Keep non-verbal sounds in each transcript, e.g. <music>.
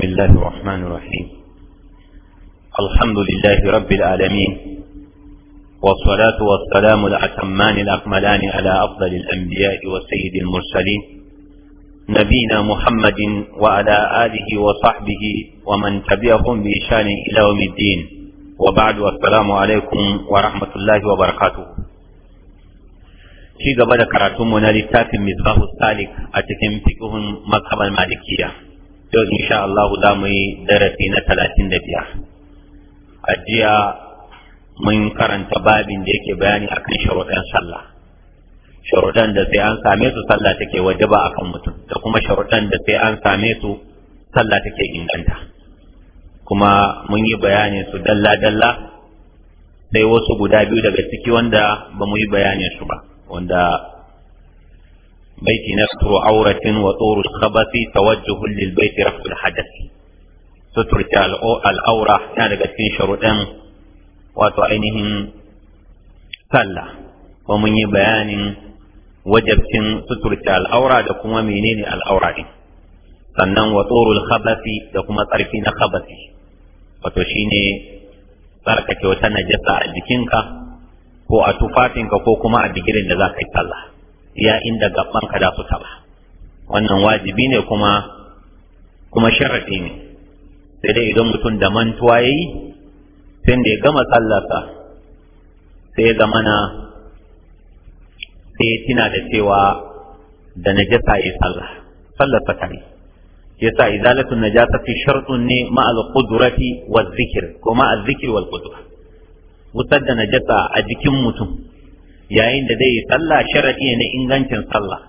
بسم الله الرحمن الرحيم الحمد لله رب العالمين والصلاة والسلام الأتمان الأكملان على أفضل الأنبياء وسيد المرسلين نبينا محمد وعلى آله وصحبه ومن تبعهم بإشان إلى يوم الدين وبعد والسلام عليكم ورحمة الله وبركاته في قبل كراتمنا لتاتم مصباح السالك أتكم فيكم مذهب المالكية yau insha Allah za mu yi darasi na talatin da biyar a jiya mun karanta babin da yake bayani akan sharuɗan sallah sharuɗan da sai an same su sallah take wajaba akan mutum da kuma sharuɗan da sai an same su sallah take inganta kuma mun yi bayanin su dalla dalla sai wasu guda biyu daga ciki wanda ba mu yi bayanin su ba wanda na بيت نستر عورة وطور الخبث توجه للبيت رفع الحدث ستر الأورة كان بسين شرطان وتعينهم bayanin ومن بيان al'aura da الأورة menene al'aura الأورة sannan wa tsoro khabasi da kuma tsarki na khabasi wato shi ne tsarka kyauta na jasa a jikinka ko a tufafinka ko kuma a digirin da za ka yi sallah ya inda gaban ka da su taba wannan wajibi ne kuma kuma sharaɗi ne sai dai idan mutum da mantuwa yayi sai da ya gama sallarsa sai ya zamana sai ya tina da cewa da jasa ya sallah sallar ta yi yasa izalatu fi shartun ne ma al wa zikir, ko ma al wal qudra wutar da najasa a jikin mutum yayin da zai yi sallah sharadi ne na ingancin sallah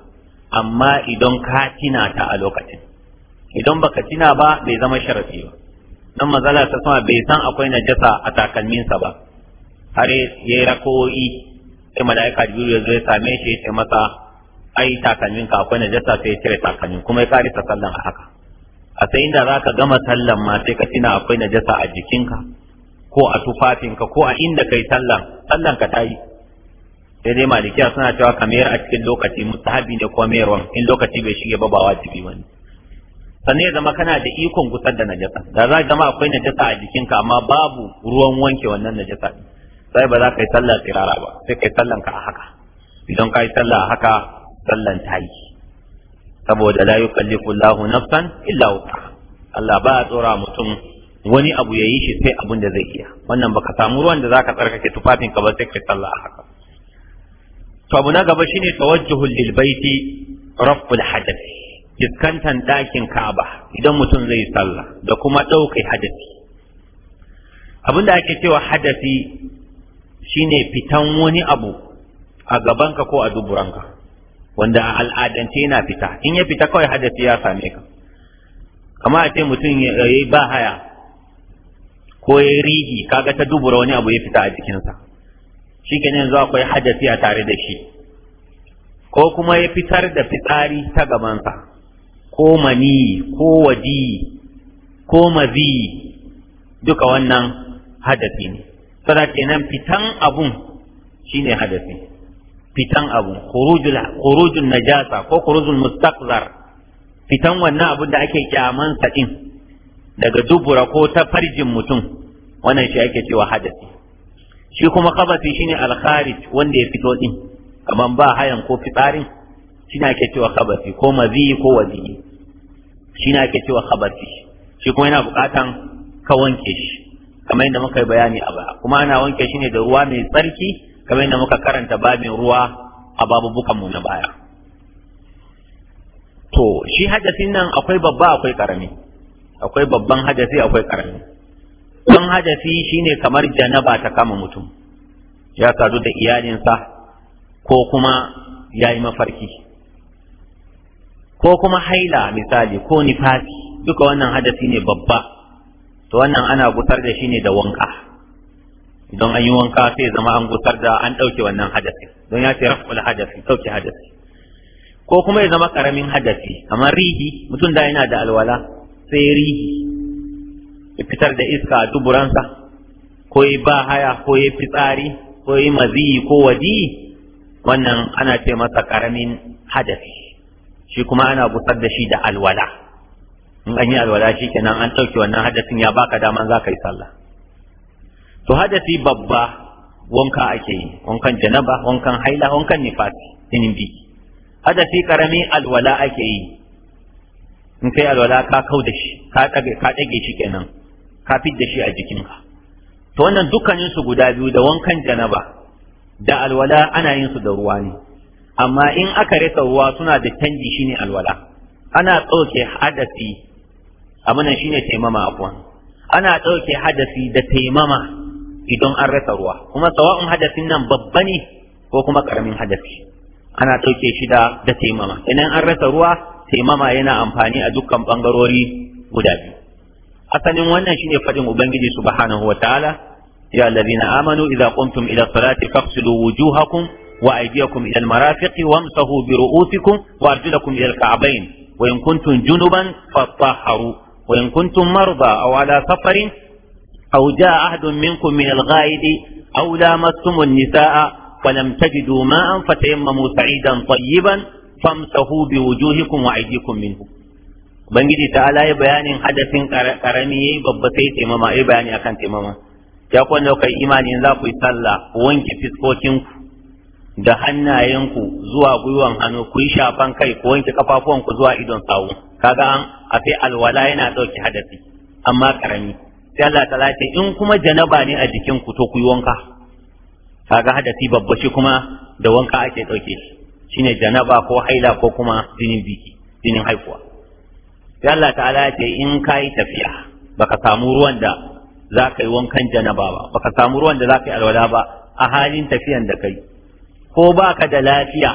amma idan ka tina ta a lokacin idan baka tina ba bai zama sharadi ba dan mazala ta sama bai san akwai najasa a takalminsa ba har yayi rako'i sai mala'ika jibril ya zo ya same shi ya ce masa ai takalmin ka akwai najasa sai ya cire takalmin kuma ya kare ta sallan a haka a sai inda za ka gama sallan ma sai ka tina akwai najasa a jikinka ko a tufafinka ko a inda kai sallan sallan ka ta yi sai dai malikiya suna cewa kamar a cikin lokaci mustahabi ne ko mayarwa in lokaci bai shige ba ba wajibi ba ne sannan ya zama kana da ikon gusar da najasa da za zama akwai najasa a jikinka amma babu ruwan wanke wannan najasa sai ba za ka yi sallah tsirara ba sai ka yi sallan ka a haka idan ka yi sallah a haka sallan ta yi saboda la yukallifu Allahu nafsan illa wusa Allah ba a tsora mutum wani abu ya yi shi sai abin da zai iya wannan baka samu ruwan da zaka tsarkake tufafinka ba sai ka sallah a haka to abu na gaba shine tawajjuhul lilbaiti baiti raf'ul hadath fiskantan dakin Ka'aba idan mutum zai sallah da kuma ɗaukai hadasi abinda ake cewa hadasi shine fitan wani abu a gabanka ko a duburanka wanda a al'adance yana fita in ya fita kawai hadasi ya same ka kama a ce mutum ya yi ba haya ko ya rihi kaga ta dubura wani abu ya fita a jikinsa shi kenan yanzu akwai hadasi a tare da shi ko kuma ya fitar da fitsari ta gabansa ko mani ko waji ko mazi duka wannan hadasi ne sada kenan fitan abun shine hadasi fitan abun khurujul najasa ko khurujul mustaqzar fitan wannan abun da ake kyaman sa din daga dubura ko ta farjin mutum wannan shi ake cewa hadasi shi kuma kabasi shine alkharij wanda ya fito din kaman ba hayan ko fitsarin shine ake cewa kabasi ko mazi ko wazi shine ake cewa kabasi shi kuma yana bukatan ka wanke shi kamar yadda muka yi bayani a baya kuma ana wanke shi ne da ruwa mai tsarki kamar yadda muka karanta babin ruwa a babubukan mu na baya to shi hadasin nan akwai babba akwai karami akwai babban hadasi akwai karami don hadafi shine kamar janaba ta kama mutum ya sadu da iyalinsa ko kuma ya yi mafarki ko kuma haila misali ko nifasi duka wannan hadafi ne babba to wannan ana gusar da shi ne da wanka idan an yi wanka sai zama an gusar da an ɗauke wannan hadafi don ya ce raf'ul hadafi ɗauke hadafi ko kuma ya zama ƙaramin hadafi kamar rihi mutum da yana da alwala sai rihi ya fitar da iska a duburansa ko ya ba haya ko ya fitsari ko ya maziyi ko waji wannan ana ce masa karamin hadafi shi kuma ana busar da shi da alwala in an yi alwala shi kenan an ɗauke wannan hadafin ya baka daman za ka yi sallah to hadafi babba wanka ake yi wankan janaba wankan haila wankan nifasi jinin bi. hadafi karami alwala ake yi in kai alwala ka kau da shi ka ɗage shi kenan ka fidda shi a jikinka to wannan dukkanin su guda biyu da wankan janaba da alwala ana yin su da ruwa ne amma in aka rasa ruwa suna da canji shine alwala ana tsoke hadasi amanan shine taimama afwan ana tsoke hadasi da taimama idan an rasa ruwa kuma sawa'un hadasin nan babba ne ko kuma karamin hadasi ana tsoke shi da taimama idan an rasa ruwa taimama yana amfani a dukkan bangarori guda biyu asalin wannan shine fadin ubangiji subhanahu wa ta'ala ya allazina amanu idza qumtum ila salati faghsilu wujuhakum wa aydiyakum ila almarafiqi wamsahu bi ru'usikum wa arjulakum ila alka'bayn wa in kuntum junuban fatahharu wa in kuntum marda aw ala safarin aw jaa ahadun minkum min alghaidi aw lamastum an-nisaa فلم تجدوا ماء فتيمموا سعيدا طيبا فامسحوا بوجوهكم وايديكم منه bangiji ta ala ya bayanin hadasin karami yayi babba sai taimama yayi bayani akan taimama ya ku wanda kai imani za ku yi sallah wanke fiskokinku da hannayenku zuwa gwiwan hannu ku yi shafan kai ku wanke ku zuwa idon sawu kaga an a sai alwala yana dauke hadasi amma karami sai Allah ta ce in kuma janaba ne a jikin ku to ku yi wanka kaga hadasi babba shi kuma da wanka ake dauke shi shine janaba ko haila ko kuma jinin biki jinin haihuwa sai Allah ta'ala ce in ka yi tafiya baka samu ruwan da za ka yi wankan janaba ba baka samu ruwan da za ka yi alwala ba a halin tafiyan da kai ko baka da lafiya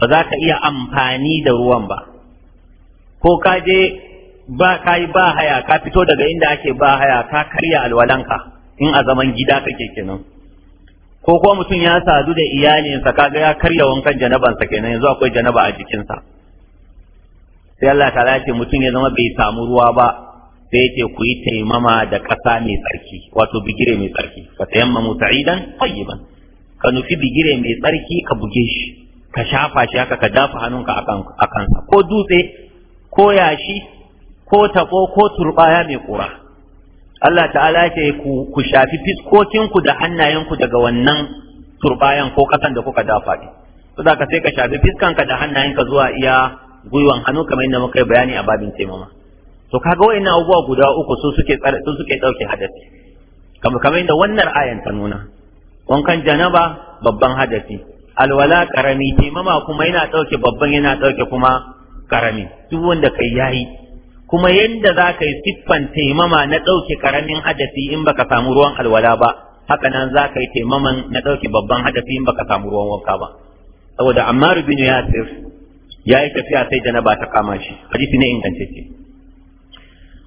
ba za ka iya amfani da ruwan ba ko ka je ba ka yi ba haya ka fito daga inda ake ba haya ka karya alwalanka in a zaman gida kake kenan ko kuma mutum ya sadu da iyalinsa kaga ya karya wankan janabansa kenan yanzu akwai janaba a jikinsa sai Allah ta ce mutum ya zama bai samu ruwa ba sai yake ku yi taimama da ƙasa mai tsarki wato bigire mai tsarki ka tayammamu sa'idan tayyiban ka nufi bigire mai tsarki ka buge shi ka shafa shi haka ka dafa hannunka a kansa ko dutse ko yashi ko tabo ko turbaya mai ƙura Allah ta'ala ce ku shafi fiskokinku da hannayenku daga wannan turbayan ko kasan da kuka dafa ne saboda ka sai ka shafi fiskanka da hannayenka zuwa iya gwiwan hannu kamar yadda muka yi bayani a babin taimama to kaga wayannan abubuwa guda uku su suke su suke dauke hadasi kamar kamar yadda wannan ayan ta nuna wankan janaba babban hadasi alwala karami taimama kuma yana dauke babban yana dauke kuma karami duk wanda kai yayi kuma yadda za ka yi siffan taimama na ɗauke karamin hadafi in baka samu ruwan alwala ba haka nan za ka yi taimaman na ɗauke babban hadafi in baka samu ruwan wanka ba saboda ammar bin yasir ya yi tafiya sai janaba ta kama shi hadisi ne ingantacce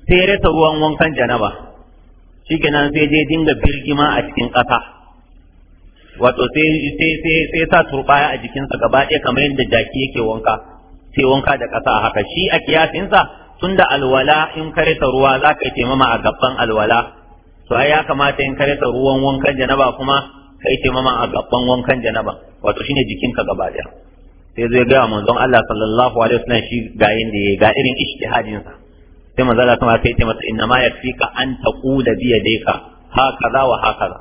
sai ya rasa ruwan wankan janaba shikenan sai je dinga birgima a cikin ƙasa wato sai sai sai sa turbaya a jikinsa gaba ɗaya kamar yadda jaki yake wanka sai wanka da ƙasa a haka shi a kiyasinsa tunda alwala in ka rasa ruwa za ka yi taimama a gaban alwala to ai ya kamata in ka rasa ruwan wankan janaba kuma ka yi taimama a gaban wankan janaba wato shine jikinka gaba ɗaya sai zai ga manzon Allah sallallahu alaihi wasallam shi ga yanda ya ga irin ijtihadin sa sai manzon Allah sama sai ya ce masa inna ma yakfika an taqula bi yadayka hakaza wa hakaza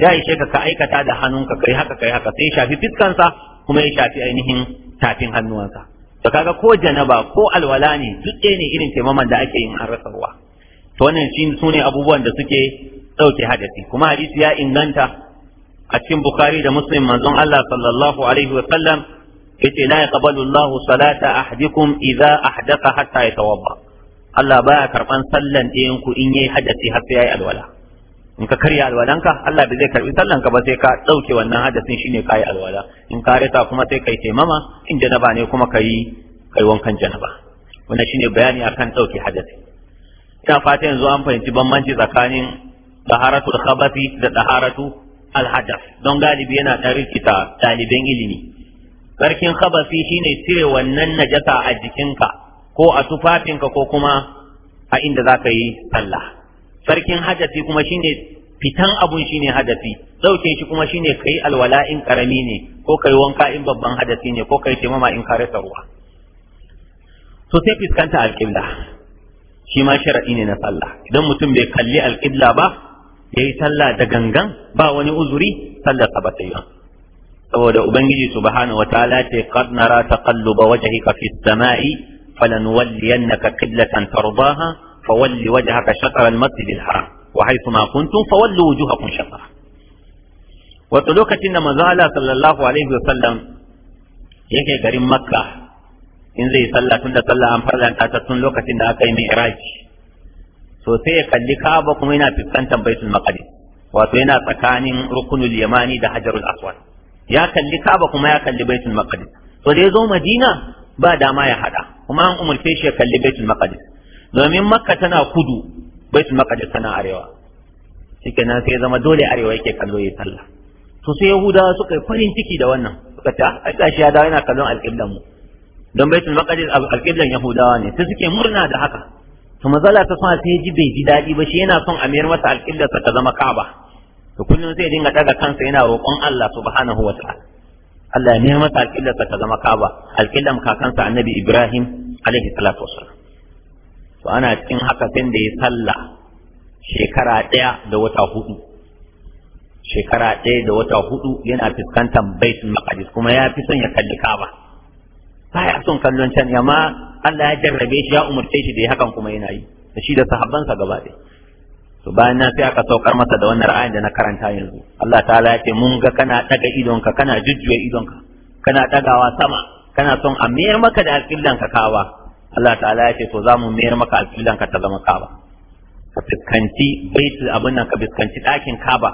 ya ishe ka ka aikata da hannunka kai haka kai haka sai shafi fiskan sa kuma ya shafi ainihin tafin hannuwansa to kaga ko janaba ko alwala ne duk ne irin taimaman da ake yin an rasa ruwa to wannan shi sune abubuwan da suke dauke hadasi kuma hadisi ya inganta a cikin bukhari da muslim manzon Allah sallallahu alaihi wa sallam yace la yaqbalu Allah salata ahadikum idza ahdatha hatta yatawadda Allah baya karban sallan ɗayan ku in yayi hadasi har sai yayi alwala in ka karya alwalanka Allah bai zai karbi sallan ka ba sai ka dauke wannan hadasin shine kai alwala in ka rasa kuma sai kai taimama in janaba ne kuma kai kai wankan janaba wannan shine bayani akan dauke hadasi ina fata yanzu an fahimci bambanci tsakanin daharatul khabasi da daharatu alhadas don galibi yana ɗan rikita ɗaliban ilimi tsarkin khabasi shine cire wannan najasa a jikinka ko a tufafinka ko kuma a inda za ka yi sallah sarkin hadafi kuma shine fitan abun shine hadasi, dauke shi kuma shine kai alwala in karami ne ko kai wanka in babban hadasi ne ko kai taimama in kare ruwa Sosai sai fiskanta alƙibla shi ma sharaɗi ne na sallah idan mutum bai kalli alƙibla ba yayi sallah da gangan ba wani uzuri sallar ba ta saboda ubangiji subhanahu wataala ce qad nara taqalluba wajhika fis samai falanuwalliyannaka qiblatan tardaha fawalli wajhaka shatr al masjid al haram wa haythu ma kuntum fawallu wujuhakum shatr wato lokacin da manzo Allah sallallahu alaihi wa sallam yake garin makka in zai sallah tunda sallah an farlanta ta tun lokacin da aka yi mi'raj to sai ya kalli Ka'aba kuma yana fuskantar Baitul Maqdis wato yana tsakanin rukunul yamani da Hajarul Aswad ya kalli Ka'aba kuma ya kalli Baitul Maqdis to da ya zo Madina ba dama ya hada kuma an umurce shi ya kalli Baitul Maqdis domin Makka tana kudu Baitul Maqdis tana arewa shikenan sai zama dole arewa yake kallo ya sallah to sai yahuda suka yi farin ciki da wannan suka ce ah, ai gashi ya dawo yana kallon alƙiblan mu don Baitul Maqdis alƙiblan Yahudawa ne sai suke murna da haka to mazala ta sa sai ji bai ji daɗi ba shi yana son a mayar masa alƙiblarsa ta zama Ka'aba to kullum sai dinga daga kansa yana roƙon Allah subhanahu wa ta'ala Allah ya nemi masa alƙillarsa ta zama kaba, alƙillan kakansa Annabi Ibrahim alaihi salatu to ana cikin haka sai da ya salla shekara ɗaya da wata hudu shekara ɗaya da wata hudu yana fuskantar baitul maqdis kuma ya fi son ya kalli kaba baya son kallon can amma Allah ya jarrabe shi ya umarce shi da ya hakan kuma yana yi da shi da sahabbansa gaba ɗaya to bayan na sai aka saukar masa da wannan ra'ayin da na karanta yanzu Allah ta'ala ya ce mun ga kana daga idonka kana jujjuya idonka kana dagawa sama kana son a mayar maka da alƙiblan ka kawa Allah ta'ala ya ce to za mu mayar maka alƙiblan ka ta zama kaba. ka fuskanci baiti abin nan ka fuskanci ɗakin kaba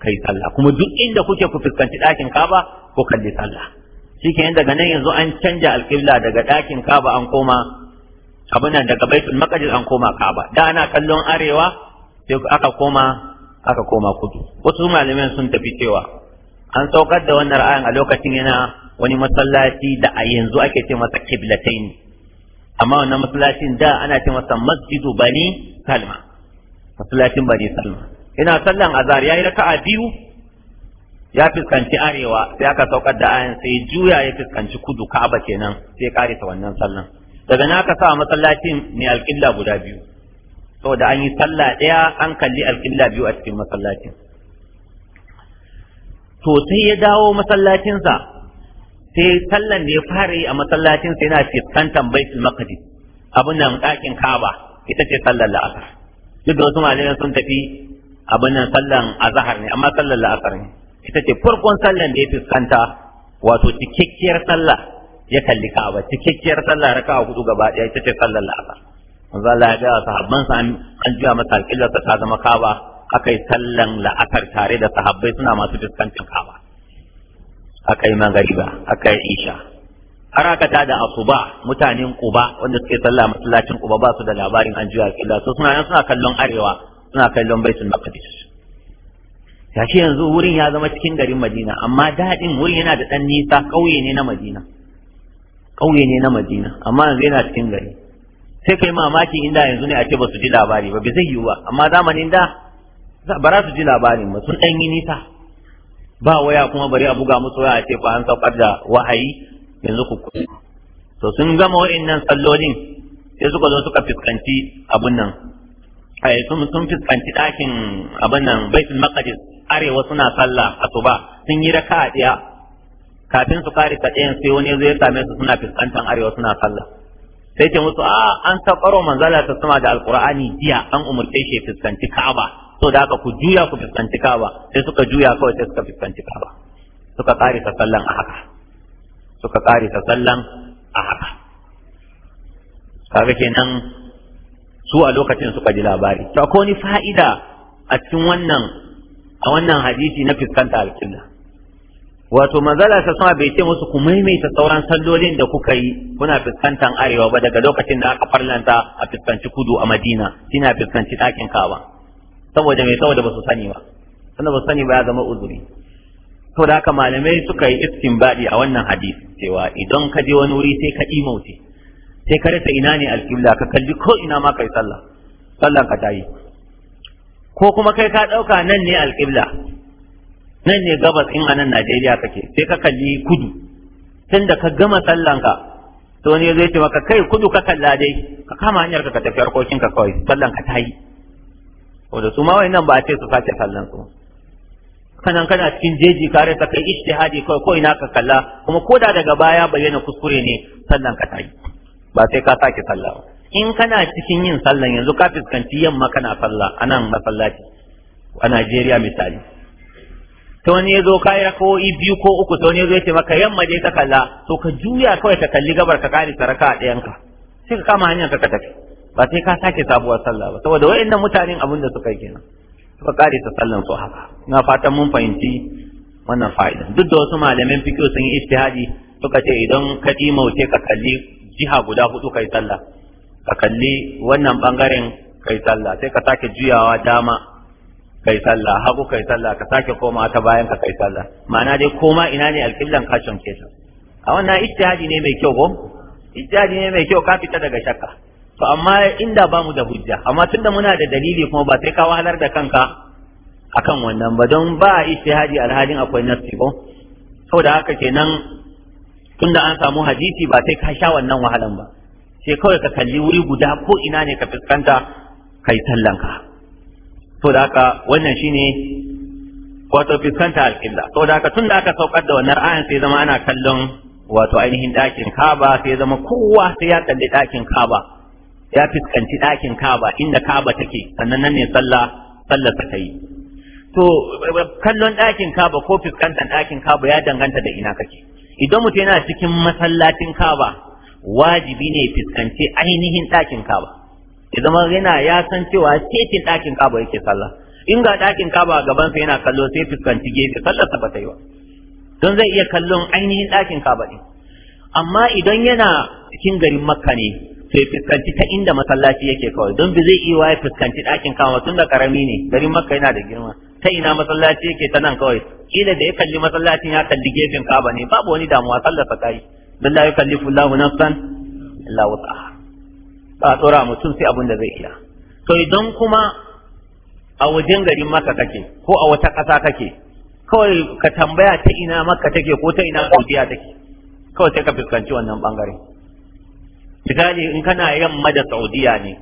kai sallah kuma duk inda kuke ku fuskanci ɗakin kaba ko kalli sallah shikenan daga nan yanzu an canja alƙilla daga ɗakin kaba an koma abin nan daga baitul maqdis an koma kaba da ana kallon arewa sai aka koma aka koma kudu wasu malamai sun tafi cewa an saukar da wannan ra'ayin a lokacin yana wani masallaci da a yanzu ake ce masa kiblatain amma wannan masallacin da ana ce masa masjidu bani salma masallacin bani salma ina sallan azhar yayi raka'a biyu ya fuskanci arewa sai aka saukar da ayan sai juya ya fuskanci kudu ka'aba kenan sai ya karisa wannan sallan daga na aka sa masallacin ne alƙilla guda biyu saboda an yi sallah ɗaya an kalli alƙibla biyu a cikin masallacin to sai ya dawo masallacinsa sai sallan da ya fara yi a masallacinsa yana fiskantar baitul maqdis abin nan ɗakin ka'aba, ita ce sallar la'asar duk da wasu malamai sun tafi abin nan sallan azhar ne amma sallar la'asar ne ita ce farkon sallan da ya fiskanta wato cikakkiyar sallah ya kalli ka'aba, cikakkiyar sallah raka'a hudu gaba ɗaya ita ce sallar la'asar manzo Allah ya gaya sahabban sa an jiya masa alƙilla ta zama kaba yi sallan la'akar tare da sahabbai suna masu fuskantar kaba yi magariba aka yi isha har aka ta da asuba mutanen ƙuba wanda suke sallah masallacin ƙuba ba su da labarin an jiya alƙilla su suna nan suna kallon arewa suna kallon baitul maqdis ya ce yanzu wurin ya zama cikin garin madina amma daɗin wurin yana da ɗan nisa ƙauye ne na madina ƙauye ne na madina amma yanzu yana cikin gari sai kai mamaki inda yanzu ne a ce ba su ji labari ba bai zai yiwu ba amma zamanin da ba za su ji labarin ba sun ɗan yi nisa ba waya kuma bari a buga musu waya a ce ba an saukar da wahayi yanzu ku to sun gama wa'annan sallolin sai suka zo suka fuskanci abun nan ai eh, sun sun fuskanci ɗakin abun nan baitul maqdis arewa suna sallah ba sun yi raka'a ɗaya kafin su kare kaɗayan sai wani zai same su suna fuskantar arewa suna sallah sai ce musu a ah, an saƙaro manzala ta sama da alqur'ani jiya an umurce shi fuskanci ka'aba to da haka ku juya ku fuskanci ka'aba sai suka juya kawai sai suka fuskanci ka'aba suka kare ta sallan a haka suka kare ta sallan a haka kaga kenan su a lokacin suka ji labari to akwai wani fa'ida a cikin wannan a wannan hadisi na fuskanta alƙibla wato manzala ta sama bai ce musu ku maimaita sauran sallolin da kuka yi kuna fuskantar arewa ba daga lokacin da aka farlanta a fuskanci kudu a madina kina fuskanci ɗakin kawa saboda mai saboda ba su sani ba sanda ba su sani ba ya zama uzuri da haka malamai suka yi istinbadi a wannan hadis cewa idan ka je wani wuri sai ka mauti sai ka rasa ina ne alƙibla ka kalli ko ina ma kai sallah sallan ka yi. ko kuma kai ka ɗauka nan ne alƙibla nan ne gabas in a nan Najeriya kake sai ka kalli kudu tun da ka gama sallanka to ya zai ce maka kai kudu ka kalla dai ka kama hanyar ka tafi harkokin ka kawai ka ta yi wanda su ma nan ba a ce su sace sallan su kanan kana cikin jeji ka ta kai ijtihadi kai ko ina ka kalla kuma ko da daga baya bayyana kuskure ne ka ta yi ba sai ka sake salla ba in kana cikin yin sallan yanzu ka fuskanci yamma kana salla a nan masallaci a Najeriya misali ta wani ya zo kaya ko biyu ko uku ta wani ya zo yace maka yamma dai ka kalla to ka juya kawai ka kalli gabar ka kare saraka a ɗayanka sai ka kama hanyar ka ka tafi ba sai ka sake sabuwar sallah ba saboda wayannan mutanen abin da suka yi kenan suka kare ta sallan su haka ina fatan mun fahimci wannan fa'ida duk da wasu malamin fiqh sun yi ijtihadi suka ce idan ka ji mauce ka kalli jiha guda hudu kai sallah ka kalli wannan bangaren kai sallah sai ka sake juyawa dama kai sallah hagu kai sallah ka sake koma ta bayan ka kai sallah ma'ana dai koma ina ne alƙiblan ka ke ta a wannan ijtihadi ne mai kyau ko ijtihadi ne mai kyau ka fita daga shakka to amma inda ba mu da hujja amma tunda muna da dalili kuma ba sai ka wahalar da kanka akan wannan ba don ba ijtihadi alhalin akwai nafsi ko saboda haka kenan tunda an samu hadisi ba sai ka sha wannan wahalan ba sai kawai ka kalli wuri guda ko ina ne ka fuskanta kai sallanka to da haka wannan shine wato fiskanta alƙilla to da haka tun da aka saukar da wannan ayan sai zama ana kallon wato ainihin ɗakin kaba sai zama kowa sai ya kalli ɗakin kaba ya fiskanci ɗakin kaba inda kaba take sannan nan ne sallah sallah ta yi to kallon ɗakin kaba ko fiskantar ɗakin kaba ya danganta da ina kake idan mutum yana cikin masallacin kaba wajibi ne fiskanci ainihin ɗakin kaba ya zama yana ya san cewa cikin ɗakin kaba yake sallah in ga ɗakin kaba a sa yana kallo sai fuskanci gefe sallar sa ta yi ba don zai iya kallon ainihin ɗakin kaba ɗin amma idan yana cikin garin makka ne sai fuskanci ta inda masallaci yake kawai don bi zai iya waye fuskanci ɗakin kaba tun da karami ne garin makka yana da girma ta ina masallaci yake ta nan kawai kila da ya kalli masallacin ya kalli gefen kaba ne babu wani damuwa sallar sa kai billahi kallifu lahu nafsan illa wus'aha a tsora mutum sai abin da zai iya to idan kuma a wajen garin maka kake ko a wata ƙasa kake kawai ka tambaya ta ina maka take ko ta ina saudiya take kawai sai ka fuskanci wannan bangare misali in kana yamma da saudiya ne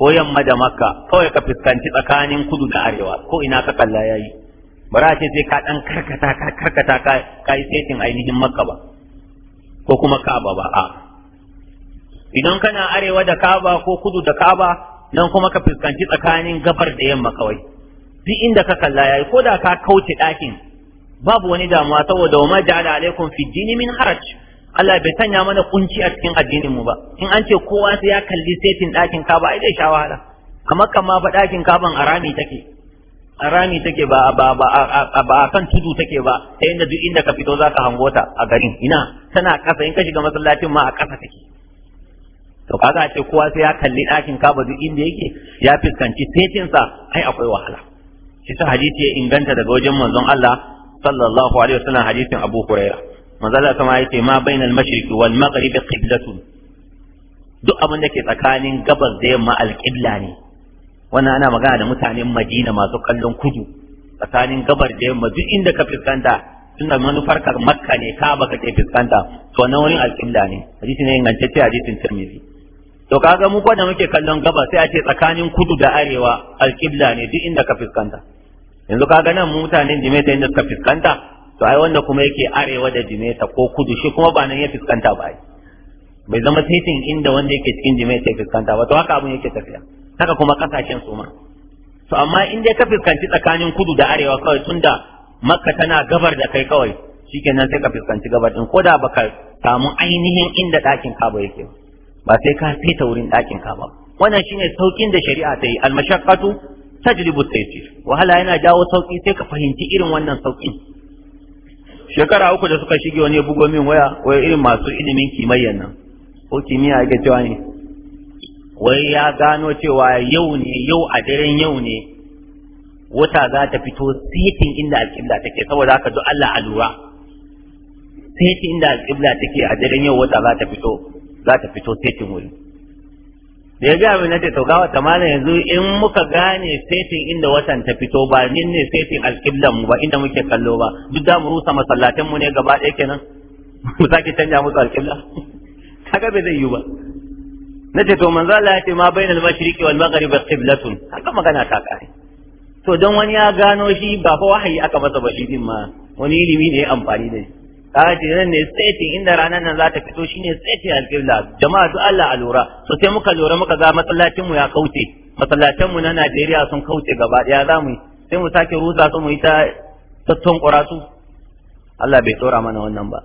ko yamma da makka kawai ka fuskanci tsakanin kudu da arewa ko ina ka kalla yayi bara ce sai ka dan karkata ka karkata ka yi setin ainihin makka ba ko kuma ka ba a idan kana arewa da kaba ko kudu da kaba nan kuma ka fuskanci tsakanin gabar da yamma kawai duk inda ka kalla yayi ko da ka kauce ɗakin babu wani damuwa saboda wa maja'ala alaikum fi dini min haraj Allah bai sanya mana kunci a cikin addinin mu ba in an ce kowa sai ya kalli setin ɗakin kaba ai zai shawara, kamar kamar ba ɗakin kaban arami take arami take ba ba ba ba kan tudu take ba ta inda duk inda ka fito zaka hango ta a garin ina tana kasa in ka shiga masallacin ma a kasa take to kaga a ce kowa sai ya kalli ɗakin kaba duk inda yake ya fuskanci fetinsa ai akwai wahala shi ta hadisi ya inganta daga wajen manzon Allah sallallahu alaihi wasallam hadisin Abu Huraira manzon Allah kuma yace ma bainal mashriqi wal maghribi qiblatun duk abin da ke tsakanin gabas da yamma alqibla ne wannan ana magana da mutanen Madina masu kallon kudu tsakanin gabar da yamma duk inda ka fuskanta tunda manufar ka makka ne ka baka ke fuskanta to na wurin alƙibla ne hadisi ne ingantacce hadisin tirmidhi to kaga mu da muke kallon gaba sai a ce tsakanin kudu da arewa alƙibla ne duk inda ka fuskanta yanzu kaga nan mutanen jimeta inda suka fuskanta to ai wanda kuma yake arewa da jimeta ko kudu shi kuma ba nan ya fuskanta ba ai bai zama titin inda wanda yake cikin jimeta ya fuskanta ba to haka abun yake tafiya haka kuma kasashen su ma to amma in dai ka fuskanci tsakanin kudu da arewa kawai tunda makka tana gabar da kai kawai shikenan sai ka fuskanci gabar din ko da baka samu ainihin inda ɗakin kaba yake ba ba sai ka fita wurin ɗakin ka ba wannan shine saukin da shari'a ta yi almashaqqatu tajlibu taysir wahala yana jawo sauki sai ka fahimci irin wannan saukin shekara uku da suka shige wani bugo min waya wai irin masu ilimin kimayyar nan ko kimiyya ake cewa ne wai ya gano cewa yau ne yau a daren yau ne wata za ta fito setin inda alƙibla take saboda haka duk Allah a lura setin inda alƙibla take a daren yau wata za ta fito za ta fito setin wuri da ya gaya na ce to ga wata mana yanzu in muka gane setin inda watan ta fito ba nin ne setin alƙiblan mu ba inda muke kallo ba duk da mu rusa masallatan mu ne gaba ɗaya kenan <laughs> mu sake canja musu alƙibla <laughs> kaga bai zai yi ba na ce to manzo Allah ya ce ma bainal mashriqi wal maghribi qiblatun haka magana ta kare to don wani ya gano shi ba fa wahayi aka masa ba shi din ma wani ilimi ne ya amfani da shi kaga nan ne setting inda ranar nan za ta fito shine setting alqibla jama'a duk Allah a lura so sai muka lura muka ga masallacin mu ya kauce masallacin mu na Najeriya sun kauce gaba daya zamu sai mu sake rusa su mu yi ta tattun Allah bai tsora mana wannan ba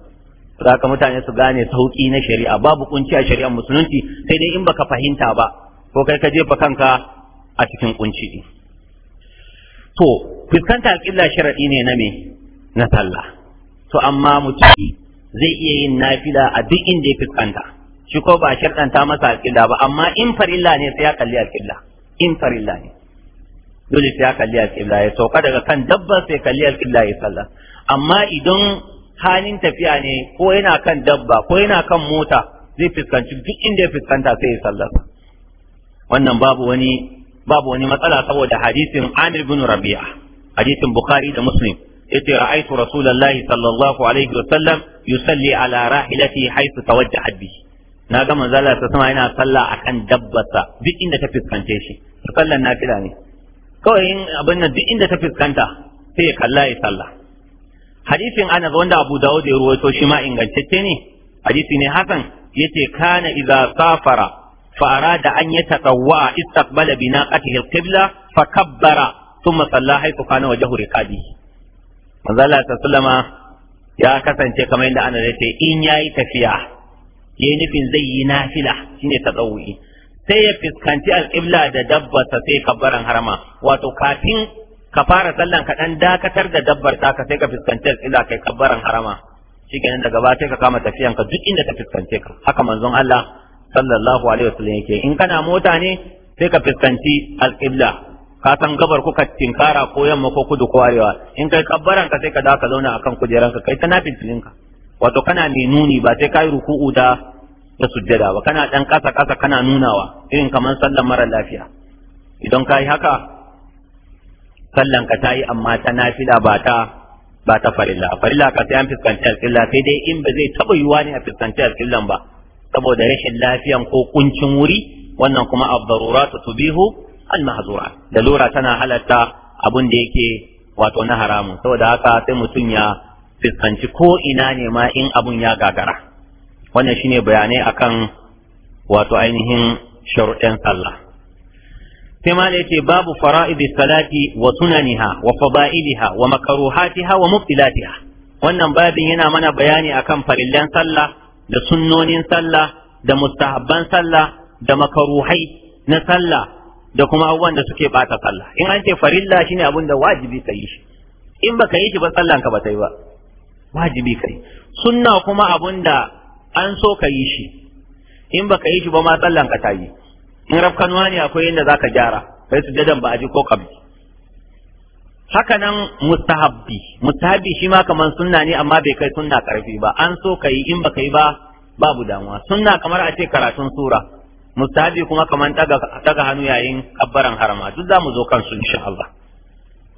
Saka mutane su gane sauki na shari'a babu kunci a shari'ar musulunci sai dai in baka fahimta ba ko kai ka jefa kanka a cikin kunci to fuskanta alƙibla sharaɗi ne na me na sallah to amma mutum zai iya yin nafila a duk inda ya fuskanta shi ko ba sharɗanta masa alƙilla ba amma in farilla ne sai ya kalli alƙilla in farilla ne dole sai ya kalli alƙilla ya sauka daga kan dabba sai kalli alƙilla ya sallah amma idan halin tafiya ne ko yana kan dabba ko yana kan mota zai fuskanci duk inda ya fuskanta sai ya sallah wannan babu wani babu wani matsala saboda hadisin Amir bin Rabi'a hadisin Bukhari da Muslim yace ra'aytu rasulullahi sallallahu alaihi wa sallam yusalli ala rahilati haythu tawajjahat bi na ga manzo Allah sama yana sallah akan dabbarsa duk inda ta fuskance shi sallan nafila ne kawai in abin nan duk inda ta fuskanta sai ya kalla ya sallah hadisin ana wanda Abu Dawud ya ruwaito shi ma ingantacce ne hadisi ne hasan yace kana idza safara fa arada an yatatawwa istaqbala bi naqatihi al-qibla fa kabbara kana wajhu riqabihi manzala ta ya kasance kamar yadda ana ce in yayi tafiya yayi nufin zai yi nafila shine ta tadawwi sai ya fuskanci al'ibla da dabba ta sai kabbaran harama wato kafin ka fara sallan ka dan dakatar da dabbar ta ka sai ka fuskanci al'ibla kai kabbaran harama shikenan daga baya sai ka kama tafiyan ka duk inda ta fuskance ka haka manzon Allah sallallahu alaihi wasallam yake in kana mota ne sai ka fuskanci al'ibla ka san gabar kuka tinkara ko yamma ko kudu ko arewa in kai kabbaran ka sai ka zauna a zauna akan ka kai kana fitilin ka wato kana ne nuni ba sai kai ruku'u da da sujjada ba kana dan kasa kasa kana nunawa irin kamar sallan mara lafiya idan kai haka sallan ka tayi amma ta nafila ba ta ba ta farilla farilla ka sai an fuskanci alƙilla sai dai in ba zai taba yiwa ne a fuskanci alƙillan ba saboda rashin lafiyan ko kuncin wuri wannan kuma abdaruratu tubihu almahzura dalora da lura tana halatta abun da yake wato na haramun saboda haka sai mutum ya fiskanci ko ina ne ma in abun ya gagara wannan shine bayanai akan wato ainihin sharuɗin sallah sai ma da yace babu fara'id salati wa sunaniha wa fadailiha wa makruhatiha wa mubtilatiha wannan babin yana mana bayani akan farillan sallah da sunnonin sallah da mustahabban sallah da makaruhai na sallah da kuma abubuwan da suke bata sallah in an ce farilla shine abin da wajibi ka yi shi in baka yi shi ba sallan ka ba ta yi ba wajibi kai sunna kuma abun da an so ka yi shi in baka yi shi ba ma sallan ka ta yi in rafkanuwa ne akwai yadda za ka gyara su dadan ba a ji ko kabli haka nan mustahabbi mustahabbi shi ma kamar sunna ne amma bai kai sunna karfi ba an so ka yi in baka yi ba babu damuwa sunna kamar a ce karatun sura mustahabi kuma kamar daga hannu yayin kabbaran harama duk za mu zo kansu insha Allah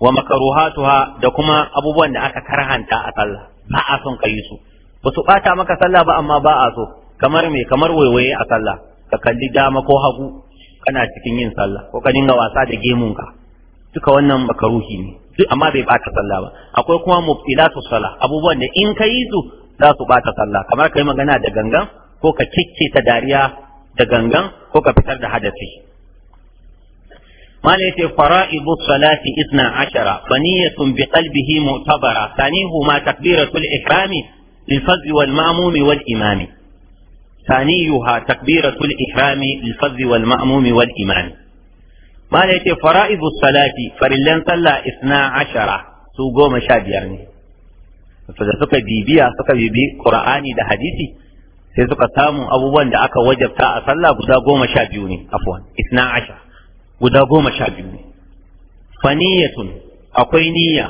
wa makaruhatuha da kuma abubuwan da aka karhanta a sallah ba a son kai su ba su bata maka sallah ba amma ba a so kamar me kamar waiwaye a sallah ka kalli dama ko hagu kana cikin yin sallah ko ka dinga wasa da gemunka duka wannan makaruhi ne duk amma bai bata sallah ba akwai kuma mubtilatu sallah abubuwan da in ka yi su za su bata sallah kamar kai magana da gangan ko ka kicce ta dariya da gangan ko ka fitar da hadasi. Mala ya ce fara'ibu salati isna ashara, baniyatun bi qalbihi mu'tabara, sanihu ma takbira tul ikrami lilfazi wal ma'amumi wal imami. Saniyu ha takbira tul ikrami lilfazi wal wal imami. Mala ce fara'ibu salati farillan sallah isna ashara, su goma sha biyar ne. Da suka bibiya suka bibi Qur'ani da hadisi, sai suka samu abubuwan da aka wajabta a sallah guda goma sha biyu ne afwan isna asha guda goma sha biyu ne faniyatun akwai niyya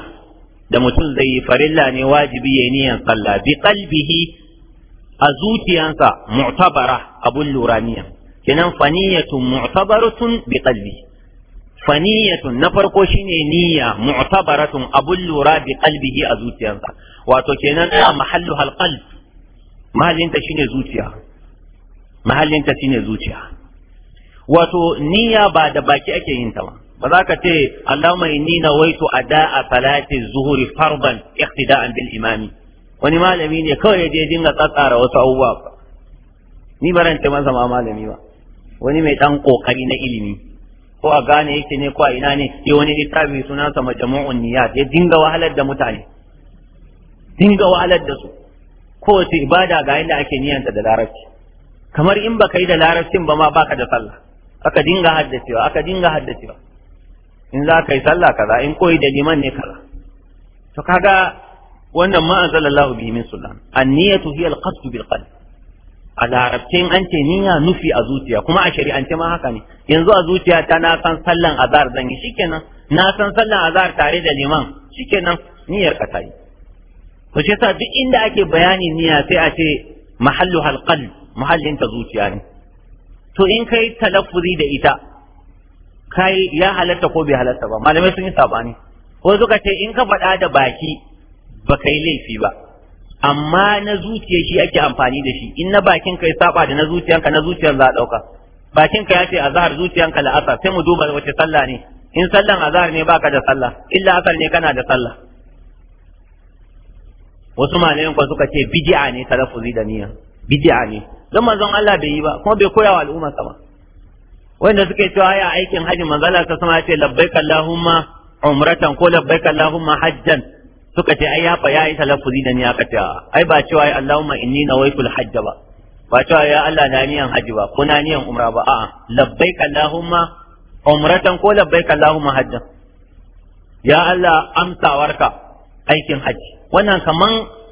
da mutum zai yi farilla ne wajibi ya niyan sallah bi qalbihi a zuciyansa mu'tabara abun lura niyya kenan faniyatun mu'tabaratun bi qalbi faniyatun na farko shine niyya mu'tabaratun abun lura bi qalbihi a zuciyansa wato kenan a mahallu halqalb mahallinta shine zuciya mahallinta shine zuciya wato niyya ba da baki ake yin ta ba ba za ka ce Allahumma inni nawaitu ada'a salati zuhuri farban iqtida'an bil imami wani malami ne kawai ya dinga tsatsara wasu abubuwa ba ni baran ce masa ma malami ba wani mai dan kokari na ilimi ko a gane yake ne ko a ina ne ya wani littafi sunansa majmu'un niyya. ya dinga wahalar da mutane dinga wahalar da su kowace ibada ga yadda ake niyanta da larabci kamar in baka yi da larabcin ba ma baka da sallah aka dinga haddacewa aka dinga haddacewa in za ka yi sallah kaza in koyi da liman ne kaza to kaga wannan ma anzalallahu bihi min sultan an-niyatu hiya al-qasd bil qalb a larabcin an ce niyya nufi a zuciya kuma a shari'ance ma haka ne yanzu a zuciya ta na san sallan azhar zan yi shikenan na san sallan azhar tare da liman shikenan niyyar ka ta yi to shi yasa duk inda ake bayani niyya sai a ce mahallu halqal mahallin ta zuciya ne to in kai talaffuzi da ita kai ya halatta ko bai halatta ba malamai sun yi sabani ko suka ce in ka faɗa da baki ba kai laifi ba amma na zuciya shi ake amfani da shi in na bakin kai saba da na zuciyanka na zuciyar za a ɗauka bakin ka ya ce azhar zuciyanka la'asa, sai mu duba wace sallah ne in sallan azhar ne baka da sallah illa asar ne kana da sallah wasu malayan kwan suka ce bid'a ne talaffuzi da niyya bid'a ne don manzon Allah bai yi ba kuma bai koya wa al'umma sa ba wanda suke cewa ya aikin haji manzala ta sama ce labbaik allahumma umratan ko labbaik allahumma hajjan suka ce ai ya fa yayi talaffuzi da niyya kace ai ba cewa ai allahumma inni nawaitul hajj ba ba cewa ya Allah na niyan haji ba ko na niyan umra ba a'a labbaik allahumma umratan ko labbaik allahumma hajjan ya Allah amsawarka aikin haji wannan kaman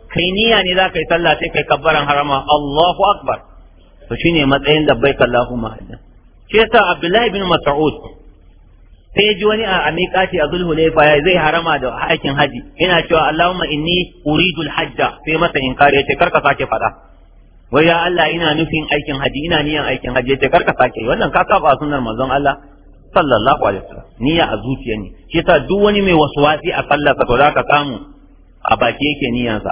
kai niyya ne zaka yi sallah sai kai kabbaran harama Allahu akbar to shine matsayin da bai Allahumma hajjan shi yasa Abdullahi bin Mas'ud sai ji wani a miƙati a zulhulaifa ya zai harama da aikin haji yana cewa Allahumma inni uridu al-hajja sai masa inkari yace karka sake fada wai ya Allah ina nufin aikin haji ina niyan aikin haji yace karka sake wannan ka saba sunnar manzon Allah sallallahu alaihi wasallam niyya a zuciya ne shi yasa duk wani mai waswasi a sallarsa to za ka samu a baki yake niyansa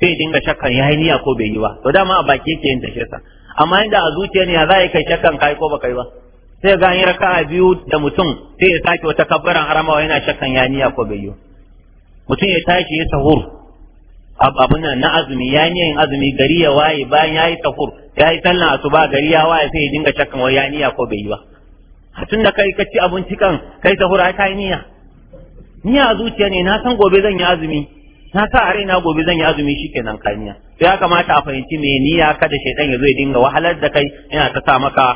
sai dinga shakkan yayi niyya ko bai yi ba to dama a baki yake yin sa, amma inda a zuciya ne ya za kai shakkan kai ko baka yi ba sai ga yin raka'a biyu da mutum sai ya sake wata kabbaran haramawa yana shakkan ya niyya ko bai yi mutum ya tashi ya sahur abun nan na azumi ya niyan azumi gari ya waye bayan ya yi sahur ya yi sallan asuba gari ya waye sai ya dinga shakkan wai ya niyya ko bai yi ba tun da kai ka ci abinci kan kai sahur ai ka yi niyya ni a zuciya ne na san gobe zan yi azumi na sa a raina gobe zan yi azumi shikenan kaniya to ya kamata a fahimci me niyya kada shaidan ya zo ya dinga wahalar da kai yana ta sa maka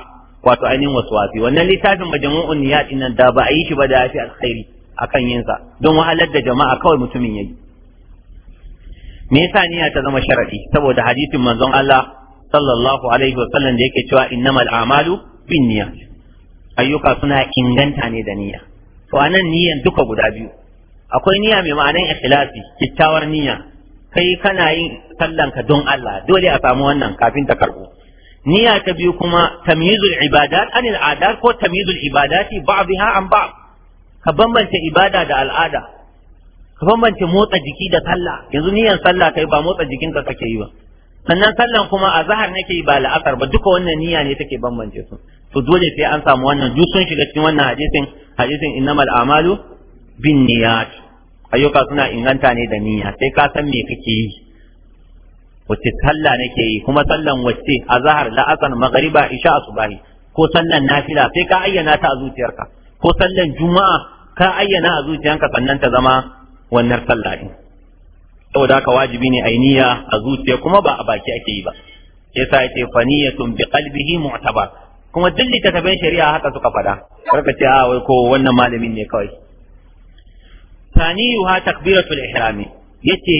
wato ainihin waswasi wannan littafin majmu'un niyyat din da ba a yi shi ba da yafi alkhairi akan yin sa don wahalar da jama'a kawai mutumin yayi me yasa niyya ta zama sharadi saboda hadisin manzon Allah sallallahu alaihi wa sallam da yake cewa innamal a'malu binniyat ayyuka suna inganta ne da niyya to anan niyan duka guda biyu akwai niyya mai ma'anan ikhlasi kyakkyawar niyya kai kana yin sallanka don Allah dole a samu wannan kafin ta karɓo niyya ta biyu kuma tamyizul ibadat anil adat ko tamyizul ibadati ba'dha an ba'd ka bambance ibada da al'ada ka bambance motsa jiki da sallah yanzu niyan sallah kai ba motsa jikinka kake yi ba sannan sallan kuma a zahar nake yi ba la'asar ba duka wannan niyya ne take bambance su to dole sai an samu wannan duk sun shiga cikin wannan hadisin hadisin innamal amalu bin ayyuka suna inganta ne da niyya sai ka san me kake yi wacce sallah nake yi kuma sallan wacce azhar la'asar magriba isha asubahi ko sallan nafila sai ka ayyana ta a zuciyarka ko sallan juma'a ka ayyana a zuciyarka sannan ta zama wannan sallah din saboda haka wajibi ne ai niyya a zuciya kuma ba a baki ake yi ba yasa yace faniyatun bi qalbihi mu'tabar kuma duk littattafan shari'a haka suka faɗa karka ce a ah, wai ko wannan malamin ne kawai taniyu ha takbiratul ihrami yace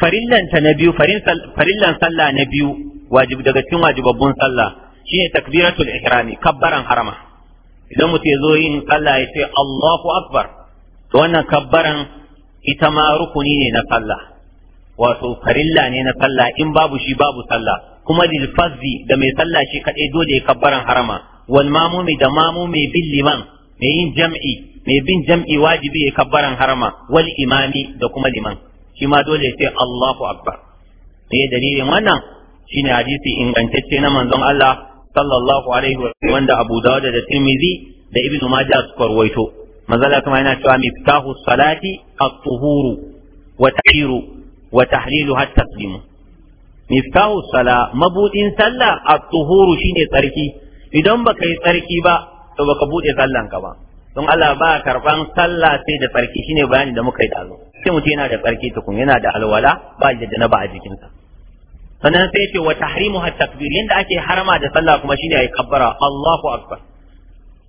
farillan ta na biyu farillan sallah na biyu wajibi daga cikin wajibabbun sallah shine takbiratul ihrami kabbaran harama idan mutum ya zo yin sallah ya Allahu akbar to wannan kabbaran ita ma rukuni ne na sallah wato farilla ne na sallah in babu shi babu sallah kuma lil da mai sallah shi kadai dole ya kabbaran harama wal mamumi da mai bin liman mai yin jam'i mai bin jam'i wajibi ya kabbaran harama wal imami da kuma liman shi ma dole ya ce Allahu akbar sai dalilin wannan shine hadisi ingantacce na manzon Allah sallallahu alaihi wa sallam, wanda Abu Dawud da Tirmidhi da Ibn Majah suka rawaito manzala kuma yana cewa miftahu salati at-tuhuru wa tahiru wa tahlilu hatta taslimu miftahu sala mabudin sallah at-tuhuru shine tsarki idan baka yi tsarki ba to baka bude sallan ka ba don Allah ba karban sallah sai da tsarki shine bayani da muka yi dazu sai mutum yana da tsarki tukun yana da alwala ba da ba a jikin sa, sannan sai ce wa tahrimu hat takbir yanda ake harama da sallah kuma shine ayi kabbara Allahu akbar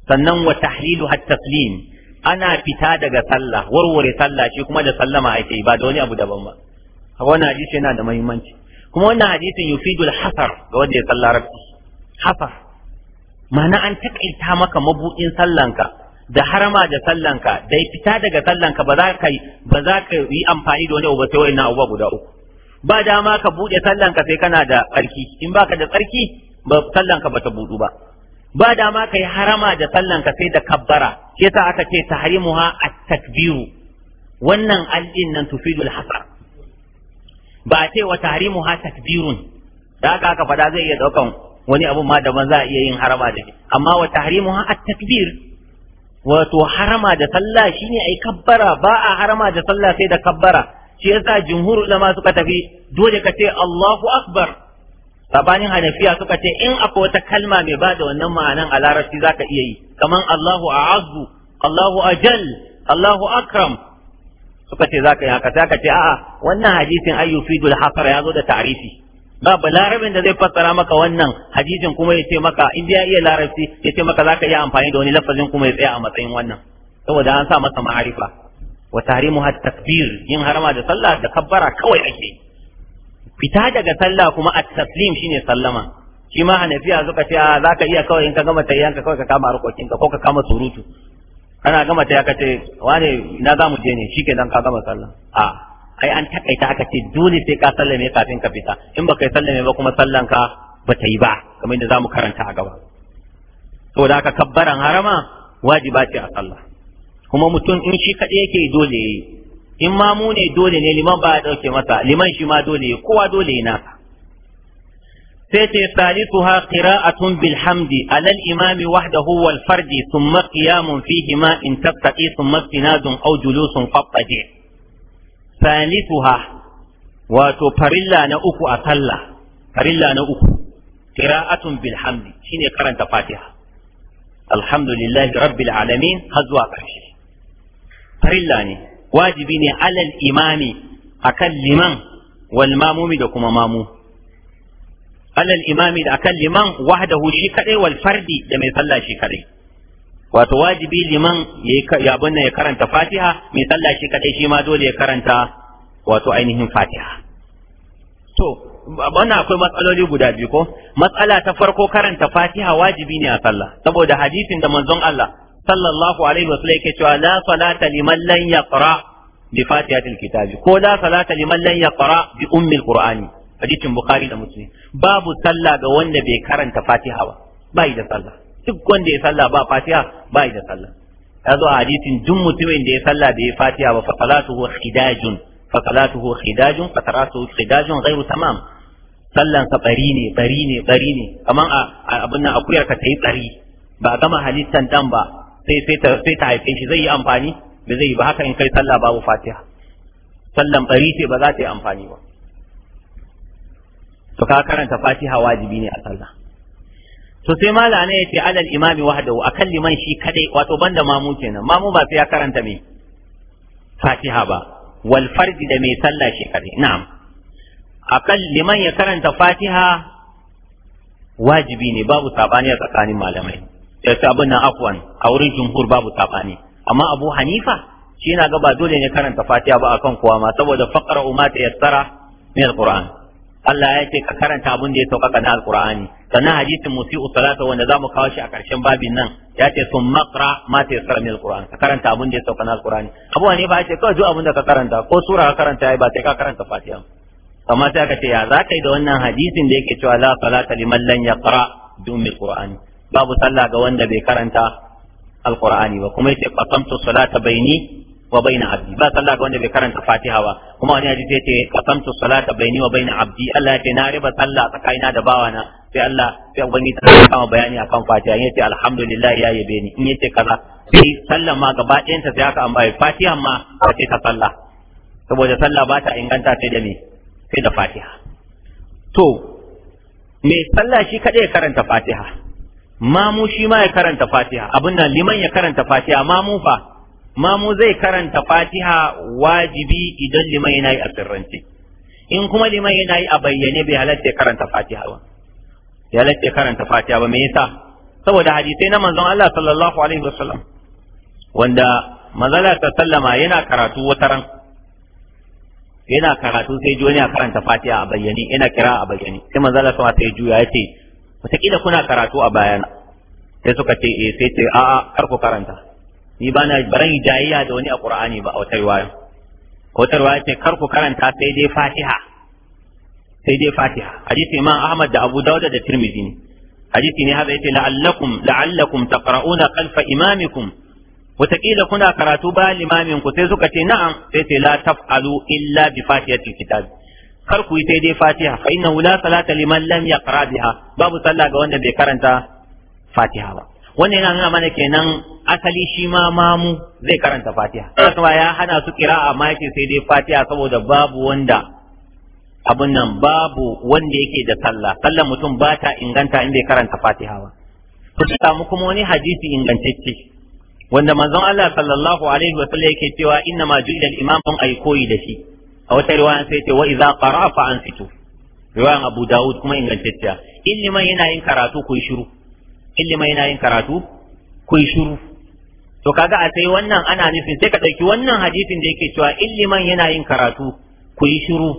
sannan wa tahlilu hat taslim ana fita daga sallah warware sallah shi kuma da sallama ake ba da wani abu daban ba wannan hadisi yana da muhimmanci kuma wannan hadisin yufidul hasar ga wanda ya san larabci hasar ma'ana an takaita maka mabuɗin sallanka da harama da sallanka da fita daga sallanka ba za ka ba za ka yi amfani da wani abu sai wa'annan abubuwa guda uku ba dama ka buɗe sallanka sai kana da tsarki in baka da tsarki ba sallanka ba ta buɗu ba ba dama ka yi harama da sallanka sai da kabbara shi yasa aka ce tahrimuha at-takbiru wannan al'in nan tufidul hasar ba a ce wa tahrimu ha takbirun da haka aka faɗa zai iya ɗaukan wani abu ma daban za a iya yin harama da shi amma wa tahrimu ha at takbir wato harama da sallah shine ai kabbara ba a harama da sallah sai da kabbara shi yasa jumhur ulama suka tafi dole ka ce Allahu akbar sabanin hanafiya suka ce in akwai wata kalma mai ba da wannan ma'anan a larabci zaka iya yi kaman Allahu a'azzu Allahu ajal Allahu akram suka ce za ka yi haka sai aka ce a'a wannan hadisin fi dul hasara ya zo da tarifi ba balarabin da zai fassara maka wannan hadisin kuma ya ce maka in ya iya larabci ya ce maka za ka iya amfani da wani lafazin kuma ya tsaya a matsayin wannan saboda an sa masa ma'arifa wa tahrimu hat takbir yin harama da sallah da kabbara kawai ake fita daga sallah kuma at taslim shine sallama shi ma hanafiya suka ce za ka iya kawai in ka gama tayyanka kawai ka kama harkokinka ko ka kama surutu ana gama ta aka ce wane na za mu je ne shi kenan ka gama sallah a ai an takaita aka ce dole sai ka sallame kafin ka fita in baka sallame ba kuma sallan ka ba ta yi ba kamar yadda zamu karanta a gaba saboda haka kabbaran harama wajiba ce a sallah kuma mutum in shi kaɗai yake dole yi in ma mu ne dole ne liman ba ya ɗauke masa liman shi ma dole yi kowa dole yi nasa sai ce salisuha qira'atun bil hamdi alal imami wahdahu wal fardi thumma qiyamun fihi ma in tattaqi thumma istinadun aw julusun fattaji salisuha wato farilla na uku a sallah farilla na uku qira'atun bil hamdi shine karanta fatiha alhamdulillahi rabbil alamin har zuwa ƙarshe farilla ne wajibi ne alal imami akan liman wal mamumi da kuma mamu alal imami da akan liman wahdahu shi kadai wal fardi da mai sallah shi kadai wato wajibi liman ya abin ya karanta fatiha mai sallah shi kadai shi ma dole ya karanta wato ainihin fatiha to wannan akwai matsaloli guda biyu ko matsala ta farko karanta fatiha wajibi ne a sallah saboda hadisin da manzon Allah sallallahu alaihi wasallam yake cewa la salata liman lan yaqra bi fatihatil kitabi ko la salata liman lan yaqra bi ummil qur'ani hadisin bukhari da muslim babu sallah ga wanda bai karanta fatiha ba ba da sallah duk wanda ya sallah ba fatiha ba da sallah ya zo a hadisin duk mutumin da ya sallah bai yi fatiha ba fa salatuhu khidajun fa salatuhu khidajun fa salatuhu khidajun ghairu tamam sallan sa bari ne bari ne bari ne kaman a abin nan akuyar ka tayi tsari ba gama halittan dan ba sai sai ta sai ta haife shi zai yi amfani ba zai yi ba haka in kai sallah babu fatiha sallan bari ce ba za ta yi amfani ba to ka karanta fatiha wajibi ne a sallah to sai malana yace alal imami wahdahu akan liman shi kadai wato banda mamu kenan mamu ba sai ya karanta me fatiha ba wal fardi da mai sallah shi kadai na'am akan liman ya karanta fatiha wajibi ne babu sabani a tsakanin malamai sai abin nan afwan a wurin jumhur babu sabani amma abu hanifa shi yana ga ba dole ne karanta fatiha ba akan kowa ma saboda faqra umma ta yassara min alquran Allah ya ce ka karanta abin da ya sauƙaƙa na alƙur'ani sannan hadisin musi'u salata wanda mu kawo shi a ƙarshen babin nan ya ce sun makra ma ta yasar min alƙur'ani ka karanta abin da ya sauƙaƙa na alƙur'ani Abubuwan ne ba ya ce kawai duk abin da ka karanta ko sura ka karanta ya ba sai ka karanta fatiha amma sai aka ce ya za ka yi da wannan hadisin da yake cewa la salata liman lan yaqra dumi Alƙur'ani babu sallah ga wanda bai karanta Alƙur'ani ba kuma yace qasamtu bai ni. wa baina abdi ba sallah ga wanda bai karanta fatiha ba kuma wani hadisi yace qasamtu salata baini wa baina abdi Allah yace na riba sallah tsakanina da bawana sai Allah sai ubangiji ta kama bayani akan fatiha yace alhamdulillah ya yabe ni in yace kaza sai sallah ma gaba ɗayanta sai aka ambaye fatiha ma ta saboda sallah ba ta inganta sai da me sai da fatiha to me sallah shi kadai ya karanta fatiha mamu shi ma ya karanta fatiha abin nan liman ya karanta fatiha mamu fa Ma mu zai karanta fatiha wajibi idan limai yana yi a sirrance in kuma limai yana yi a bayyane bai halatta ya karanta fatiha ba Ya halatta ya karanta fatiha ba me yasa saboda hadisai na manzon Allah sallallahu alaihi wasallam wanda manzala ta sallama yana karatu wata ran yana karatu sai ji wani ya karanta fatiha a bayyane yana kira a bayyane sai manzala sama sai juya ya ce wataƙila kuna karatu a bayana sai suka ce eh sai ce a'a kar ku karanta ni ba na baran jayayya da wani a qur'ani ba a wata riwaya ko wata riwaya ce kar ku karanta sai dai fatiha sai dai fatiha hadisi imam ahmad da abu dawud da tirmidhi ne hadisi ne haka yace la'allakum la'allakum taqra'una khalfa imamikum wataƙila kuna karatu ba limamin ku sai suka ce na'am sai ce la taf'alu illa bi fatihatil kitab kar ku yi sai dai fatiha fa innahu la salata liman lam yaqra biha babu sallah ga wanda bai karanta fatiha ba wannan yana nuna mana kenan asali shi ma mamu zai karanta fatiha eh. kuma ya hana su kira a yake sai dai fatiha saboda babu wanda abun nan babu wanda yake da sallah sallah mutum ba ta inganta in bai karanta fatiha ba ku samu kuma wani hadisi ingantacce wanda manzon Allah sallallahu alaihi wa sallam yake cewa inna ma ju'ila al-imam ay koyi da shi a wata riwaya sai ce wa idza qara'a fa ansitu riwaya Abu Dawud kuma ingantacce. in liman yana yin karatu ku shiru illima yana yin karatu ku yi shiru to kaga a sai wannan ana nufin sai ka ɗauki wannan hadisin da yake cewa illiman yana yin karatu ku yi shiru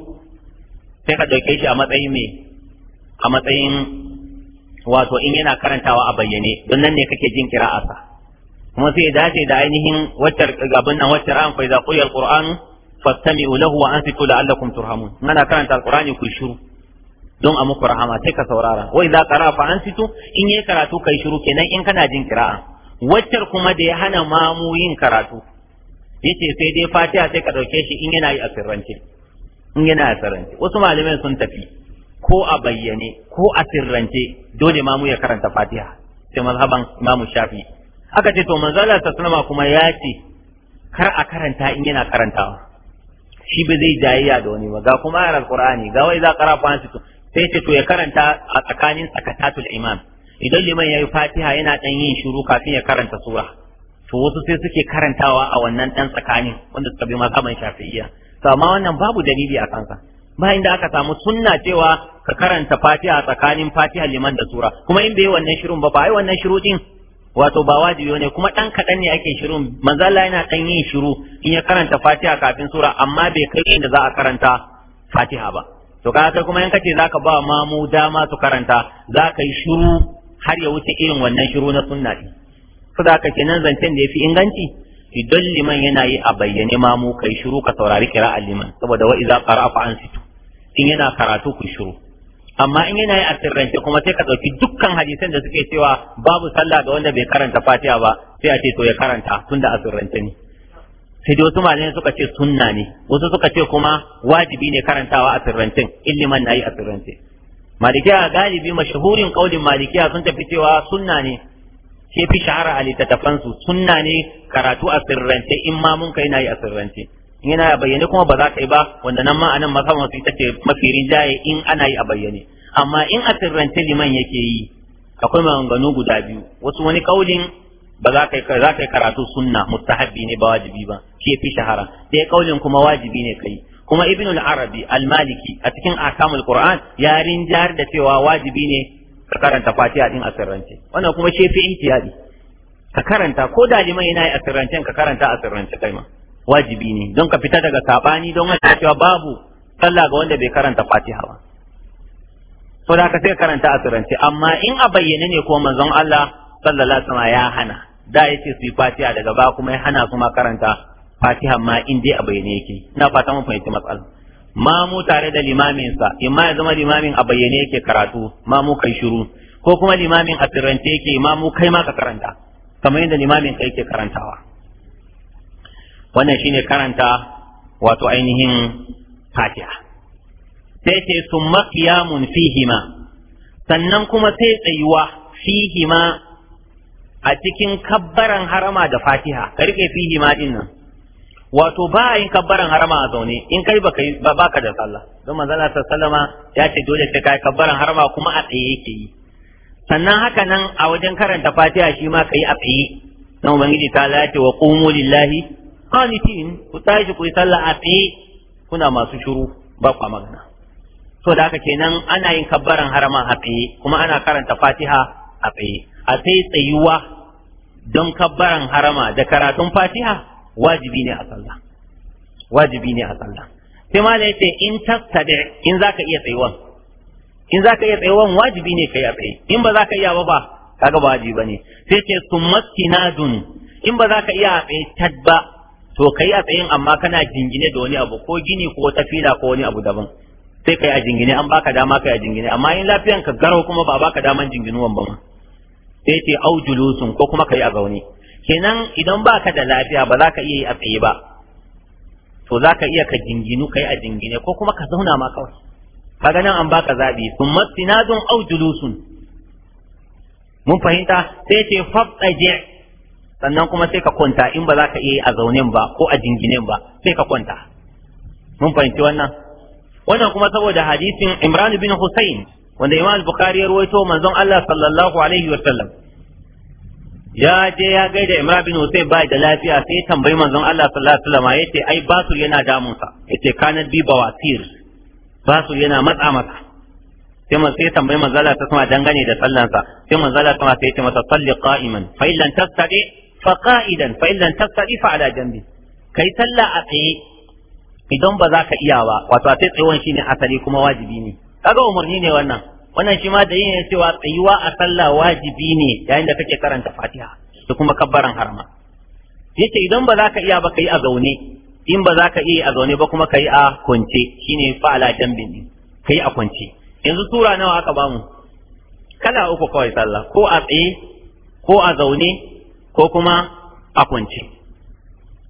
sai ka ɗauke shi a matsayin me a matsayin wato in yana karantawa a bayyane don nan ne kake jin kira Asa. kuma sai dace da ainihin wacce abin nan wacce ran fa iza quriya alquran fastami'u lahu wa ansitu la'allakum turhamun ana karanta alqurani ku yi shiru don a muku rahama sai ka saurara wai za ka rafa an situ in yi karatu kai shiru kenan in kana jin kira'a waccar kuma da ya hana mamu yin karatu yace sai dai fatiha sai ka dauke shi in yana yi a sirrance in yana a sirrance wasu malamai sun tafi ko a bayyane ko a sirrance dole mamu ya karanta fatiha sai mazhaban mamu shafi aka ce to manzala sallama kuma ya ce kar a karanta in yana karantawa shi ba zai jayayya da wani ba ga kuma ayar alqur'ani ga wai za qara fa situ. sai ce to ya karanta a tsakanin sakatatul imam idan liman yayi fatiha yana dan yin shiru kafin ya karanta sura to wasu sai suke karantawa a wannan dan tsakanin wanda suka bi mazhaban shafi'iyya to amma wannan babu dalili a kansa ba inda aka samu sunna cewa ka karanta fatiha tsakanin fatiha liman da sura kuma in bai wannan shirun ba ba ai wannan shiru din wato ba wajibi ne kuma dan kadan ne ake shirun manzo Allah yana dan yin shiru in ya karanta fatiha kafin sura amma bai kai inda za a karanta fatiha ba to ka kai kuma in kace zaka ba mamu dama su karanta zaka yi shiru har ya wuce irin wannan shiru na sunna din saboda ke nan zancen da yafi inganci idan liman yana yi a bayyane mamu kai shiru ka saurari kira liman saboda wa iza qara fa situ in yana karatu ku shiru amma in yana yi a sirrance kuma sai ka ɗauki dukkan hadisan da suke cewa babu sallah ga wanda bai karanta fatiha ba sai a ce to ya karanta tunda a sirrance ne sai dai wasu malamai suka ce sunna ne wasu suka ce kuma wajibi ne karantawa a sirrancin illiman nayi a malikiya galibi mashahurin kaulin malikiya sun tafi cewa sunna ne ke fi shahara a littattafansu sunna ne karatu a in ma mun kai nayi a in yana bayyane kuma ba za ka yi ba wanda nan ma anan masaban su ita ce mafi rinjaye in ana yi a bayyane amma in a sirrance liman yake yi akwai maganganu guda biyu wasu wani kaulin ba za ka yi za ka karatu sunna mustahabbi ne ba wajibi ba shi fi shahara sai kaulin kuma wajibi ne kai kuma ibn al-arabi al-maliki a cikin akamul qur'an ya rinjar da cewa wajibi ne ka karanta fatiha din asirrance wannan kuma shi fi intiyadi ka karanta ko da liman yana yi asirrance ka karanta asirrance kai ma wajibi ne don ka fita daga sabani don wanda cewa babu sallah ga wanda bai karanta fatiha ba so da ka sai karanta asirrance amma in a bayyane ne ko manzon Allah sallallahu alaihi ya hana da yake su yi fatiha daga ba kuma ya hana su ma karanta fatiha ma in dai a bayyane yake ina fata mun fahimci ma mamu tare da limamin sa in ma ya zama limamin a bayyane yake karatu mamu kai shiru ko kuma limamin a sirrance yake mamu kai ma ka karanta kamar yadda limamin kai yake karantawa wannan shine karanta wato ainihin fatiha sai ce summa qiyamun fihima sannan kuma sai tsayuwa fihima a cikin kabbaran harama da fatiha ka rike fihi ma din nan wato ba yin kabbaran harama a zaune in kai baka ba baka da sallah don manzo Allah sallama ya ce dole sai kai kabbaran harama kuma a tsaye yake yi sannan haka nan a wajen karanta fatiha shi ma kai a tsaye dan ubangiji ta lati wa qumu lillahi qanitin ku tashi ku yi sallah a tsaye kuna masu shiru ba kwa magana to da haka kenan ana yin kabbaran harama a tsaye kuma ana karanta fatiha a tsaye a sai tsayuwa don kabbaran harama da karatun fatiha wajibi ne a sallah wajibi ne a sallah sai da yace in tastadi in zaka iya tsayuwan in zaka iya tsayuwan wajibi ne kai a tsaye in ba zaka iya ba ba kaga ba wajibi bane sai na summastinadun in ba zaka iya a tsaye tad ba to kai a tsayin amma kana jingine da wani abu ko gini ko wata fila ko wani abu daban sai kai a jingine an baka dama kai a jingine amma in lafiyan ka garau kuma ba baka daman jinginuwan ba sai ce au julusun ko kuma kai a zaune kenan idan baka da lafiya ba za ka iya yi a tsaye ba to za ka iya ka jinginu kai a jingine ko kuma ka zauna ma kawai ga nan an baka zabi sun sinadun au julusun mun fahimta sai ce fabtaje sannan kuma sai ka kwanta in ba za ka iya yi a zaunen ba ko a jinginen ba sai ka kwanta mun fahimci wannan wannan kuma saboda hadisin Imran bin Hussein wanda Imam Bukhari ya ruwaito manzon Allah sallallahu alaihi wa sallam ya je ya gaida Imran bin Husayn bai da lafiya sai ya tambayi manzon Allah sallallahu alaihi wa sallam yace ai basu yana damun sa yace kanat bi bawatir Basu yana matsa masa sai man sai tambayi manzon Allah ta kuma dangane da sallansa sai manzon Allah kuma sai ya ce masa salli qa'iman fa illan tastadi fa qa'idan fa illan tastadi fa ala janbi kai sallah a tsaye idan ba za ka iya ba wato a sai tsawon shine asali kuma wajibi ne kaga umarni ne wannan wannan shi ma dalili ne cewa tsayuwa a sallah wajibi ne yayin da kake karanta Fatiha da kuma kabbaran harma yace idan ba za ka iya ba kai a zaune in ba za ka iya a zaune ba kuma kai a kwance shine fa'ala jambin din kai a kwance yanzu sura nawa aka bamu kala uku kawai sallah ko a tsaye ko a zaune ko kuma a kwance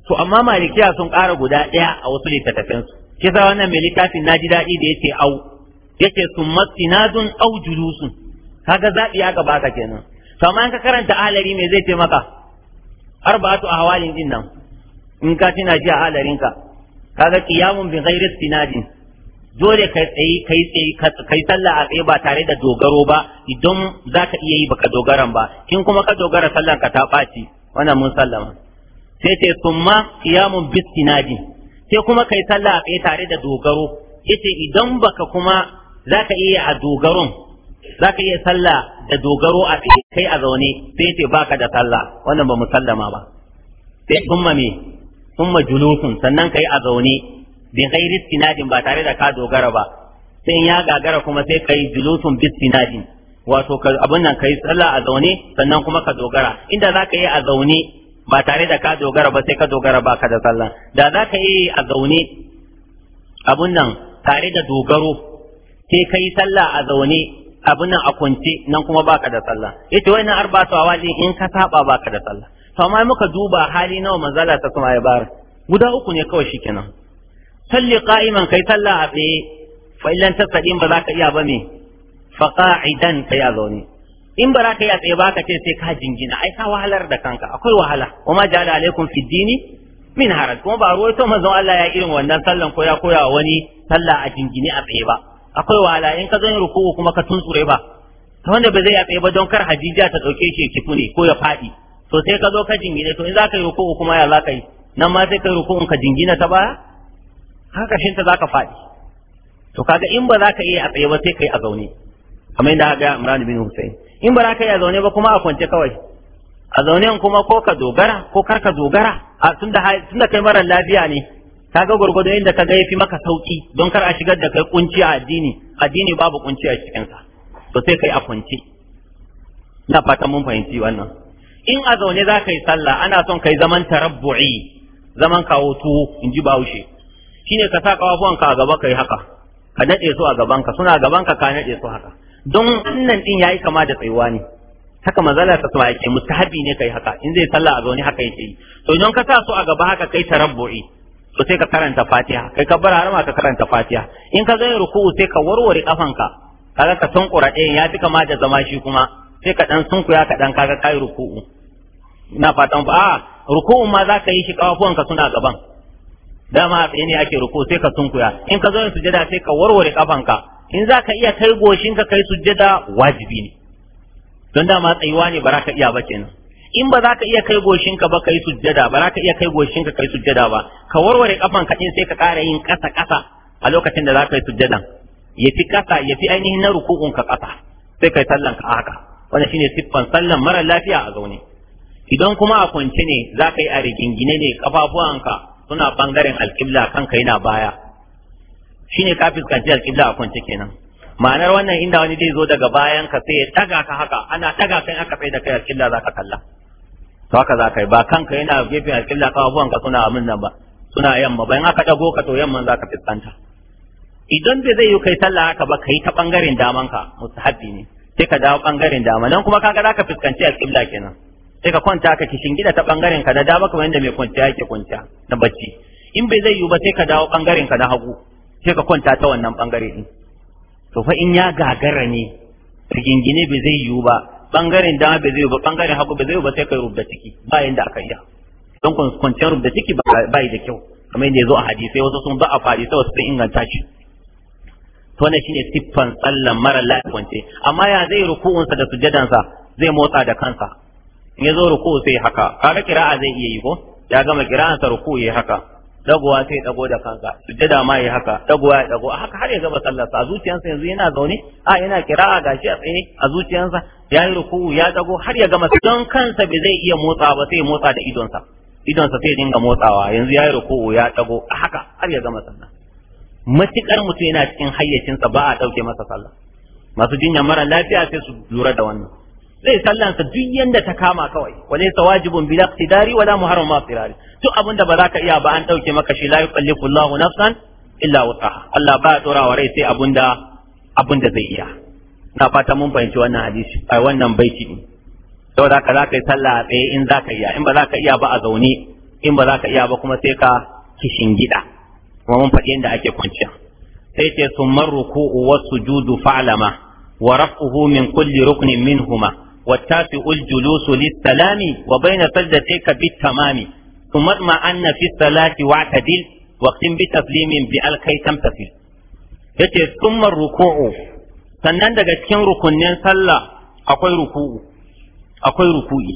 to amma malikiya sun ƙara guda ɗaya a wasu littattafansu kisa wannan mai littafin na ji daɗi da yace au yake summa sinadun au julusun kaga zaɓi gaba ka kenan kama amma ka karanta alari me zai ce maka a hawalin din nan in ka tuna ji a alarinka kaga bin bi ghairi sinadin dole kai tsaye kai tsaye kai sallah a tsaye ba tare da dogaro ba idan ka iya yi baka dogaran ba kin kuma ka dogara sallan ka ta ɓaci wannan mun sallama sai ce summa kiyamun bi sinadin sai kuma kai sallah a tsaye tare da dogaro yace idan baka kuma za ka iya a dogaron za ka iya sallah da dogaro a tsaye kai a zaune sai ce baka da sallah wannan ba sallama ba sai kuma me kuma junusun sannan kai a zaune bin kai istinadin ba tare da ka dogara ba sai ya gagara kuma sai kai julusun bi istinadin wato abin nan kai sallah a zaune sannan kuma ka dogara inda za ka yi a zaune ba tare da ka dogara ba sai ka dogara ba ka da sallah da za ka yi a zaune abun nan tare da dogaro sai kai sallah a zaune abin nan a kwance nan kuma baka da sallah yace wannan arba su wajen in ka saba baka da sallah to amma muka duba hali nawa manzala ta kuma ya guda uku ne kawai shikenan salli qa'iman kai sallah a tsaye fa illan tasadin ba za ka iya ba me fa qa'idan kai a zaune in ba za ka iya tsaye ba ka ce sai ka jingina ai ka wahalar da kanka akwai wahala wa ma ja'ala alaikum fid dini min haraj kuma ba ruwaito manzon Allah ya irin wannan sallan ko ya koya wani sallah a jingine a tsaye ba akwai wahala in ka zan ruku kuma ka tuntsure ba ta wanda ba zai yafe ba don kar hadija ta dauke shi kifu ne ko ya faɗi to sai ka zo ka jingine to in za ka yi ruku kuma ya za ka yi nan ma sai ka yi ruku'un ka jingina ta baya haka ƙarshen ta za ka faɗi to kaga in ba za ka iya a tsaye ba sai ka yi a zaune kamar yadda aka ga Imran bin Hussein in ba za ka yi a zaune ba kuma a kwance kawai a zaune kuma ko ka dogara ko kar ka dogara a tunda tunda kai mara lafiya ne kaga gurgudu inda ga yafi maka sauki don kar a shigar da kai kunci a addini addini babu kunci a cikin sa to sai kai a kunci ina fatan mun fahimci wannan in a zaune za ka yi sallah ana son kai zaman tarabbu'i zaman kawo tuwo in ji bahaushe shine ka sa ka a gaba kai haka ka naɗe su a gaban ka, suna gaban ka ka naɗe su haka don wannan din yayi kama da tsayuwa ne haka manzala ta sama yake mustahabi ne kai haka in zai sallah a zaune haka yake yi to don ka sa su a gaba haka kai tarabbu'i to sai ka karanta fatiha kai ka bar harama ka karanta fatiha in ka zai ruku'u sai ka warware kafanka kaga ka sunkura ɗaya ya fi kama da zama shi kuma sai ka dan sunkuya ka dan kaga kai ruku'u ina fatan ba a ah, ruku'u ma za ka yi shi ka suna gaban dama a tsaye ne ake ruku sai ka sunkuya in ka zo yin sujada sai ka warware kafanka in za ka iya kai goshin ka kai sujada wajibi ne don dama tsayuwa ne ba za ka iya ba kenan in ba za ka iya kai goshinka ba kai sujjada ba za ka iya kai goshinka kai sujjada ba ka warware kafan ka din sai ka ƙara yin ƙasa ƙasa a lokacin da za ka yi sujjada ya fi kasa ya fi ainihin na ruku'un ka kasa sai kai sallan ka haka wannan shine siffan sallan mara lafiya a zaune idan kuma a kwance ne za ka yi a rigingine ne kafafuwanka suna bangaren alƙibla kanka yana baya shine ka fuskanci alƙibla a kwance kenan ma'anar wannan inda wani zai zo daga bayan ka sai ya daga ka haka ana daga kai aka sai da kai alƙibla za ka kalla to haka za ka yi ba kanka yana gefen alƙilla abubuwan ka suna abin nan ba suna yamma bayan aka ɗago ka to yamman za ka fuskanta idan bai zai yi kai sallah haka ba ka yi ta ɓangaren daman ka mustahabbi ne sai ka dawo ɓangaren dama nan kuma kaga za ka fuskanci alƙilla kenan sai ka kwanta ka kishin gida ta ɓangaren ka na dama kamar yadda mai kwanciya yake kwanciya na bacci in bai zai yi ba sai ka dawo ɓangaren ka na hagu sai ka kwanta ta wannan ɓangare ɗin to fa in ya gagara ne rigingine bai zai yiwu ba bangaren dama bai zai ba bangaren hagu bai zai ba sai kai rubda ciki ba yanda aka iya don kwanciyar rubda ciki ba yi da kyau kamar yadda ya zo a hadisai wasu sun ba a fari sai wasu sun inganta shi to ne shine siffan tsallan mara lafiyance amma ya zai ruku'unsa da sa zai motsa da kansa in ya zo ruku'u sai haka kaga kira'a zai iya yi ko ya gama kira'ansa ruku'u yayi haka dagowa sai dago da kanka da ma yi haka dagowa ya dago haka har ya gaba sallarsa a zuciyarsa yanzu yana zaune a yana kira'a gashi a tsaye a zuciyarsa ya yi ruku ya dago har ya gama don kansa bai zai iya motsa ba sai motsa da idonsa idonsa sai dinga motsawa yanzu ya yi ruku ya dago haka har ya gama sallah matukar mutum yana cikin hayyacinsa ba a dauke masa sallah masu jinya mara lafiya sai su lura da wannan zai sallansa duk yanda ta kama kawai wale sa wajibun bila iqtidari wala muharram ma firari duk abin da ba za ka iya ba an dauke maka shi la yukallifu Allahu nafsan illa wusaha Allah ba dora wa rai sai abunda abunda zai iya na fata mun fahimci wannan hadisi ai wannan baiti din saboda ka za ka yi sallah a tsaye in za ka iya in ba za ka iya ba a zaune in ba za ka iya ba kuma sai ka kishin gida kuma mun faɗi yadda ake kwanciya sai ce sumar ruku'u was sujudu fa'lama wa raf'uhu min kulli ruknin minhuma والتاسع الجلوس للسلام وبين سجدتيك بالتمام ثم اطمع أن في الصلاة واعتدل واختم بتسليم بألقي تمتثل yace summa ruku'u sannan daga cikin rukunnin sallah akwai ruku'u akwai ruku'i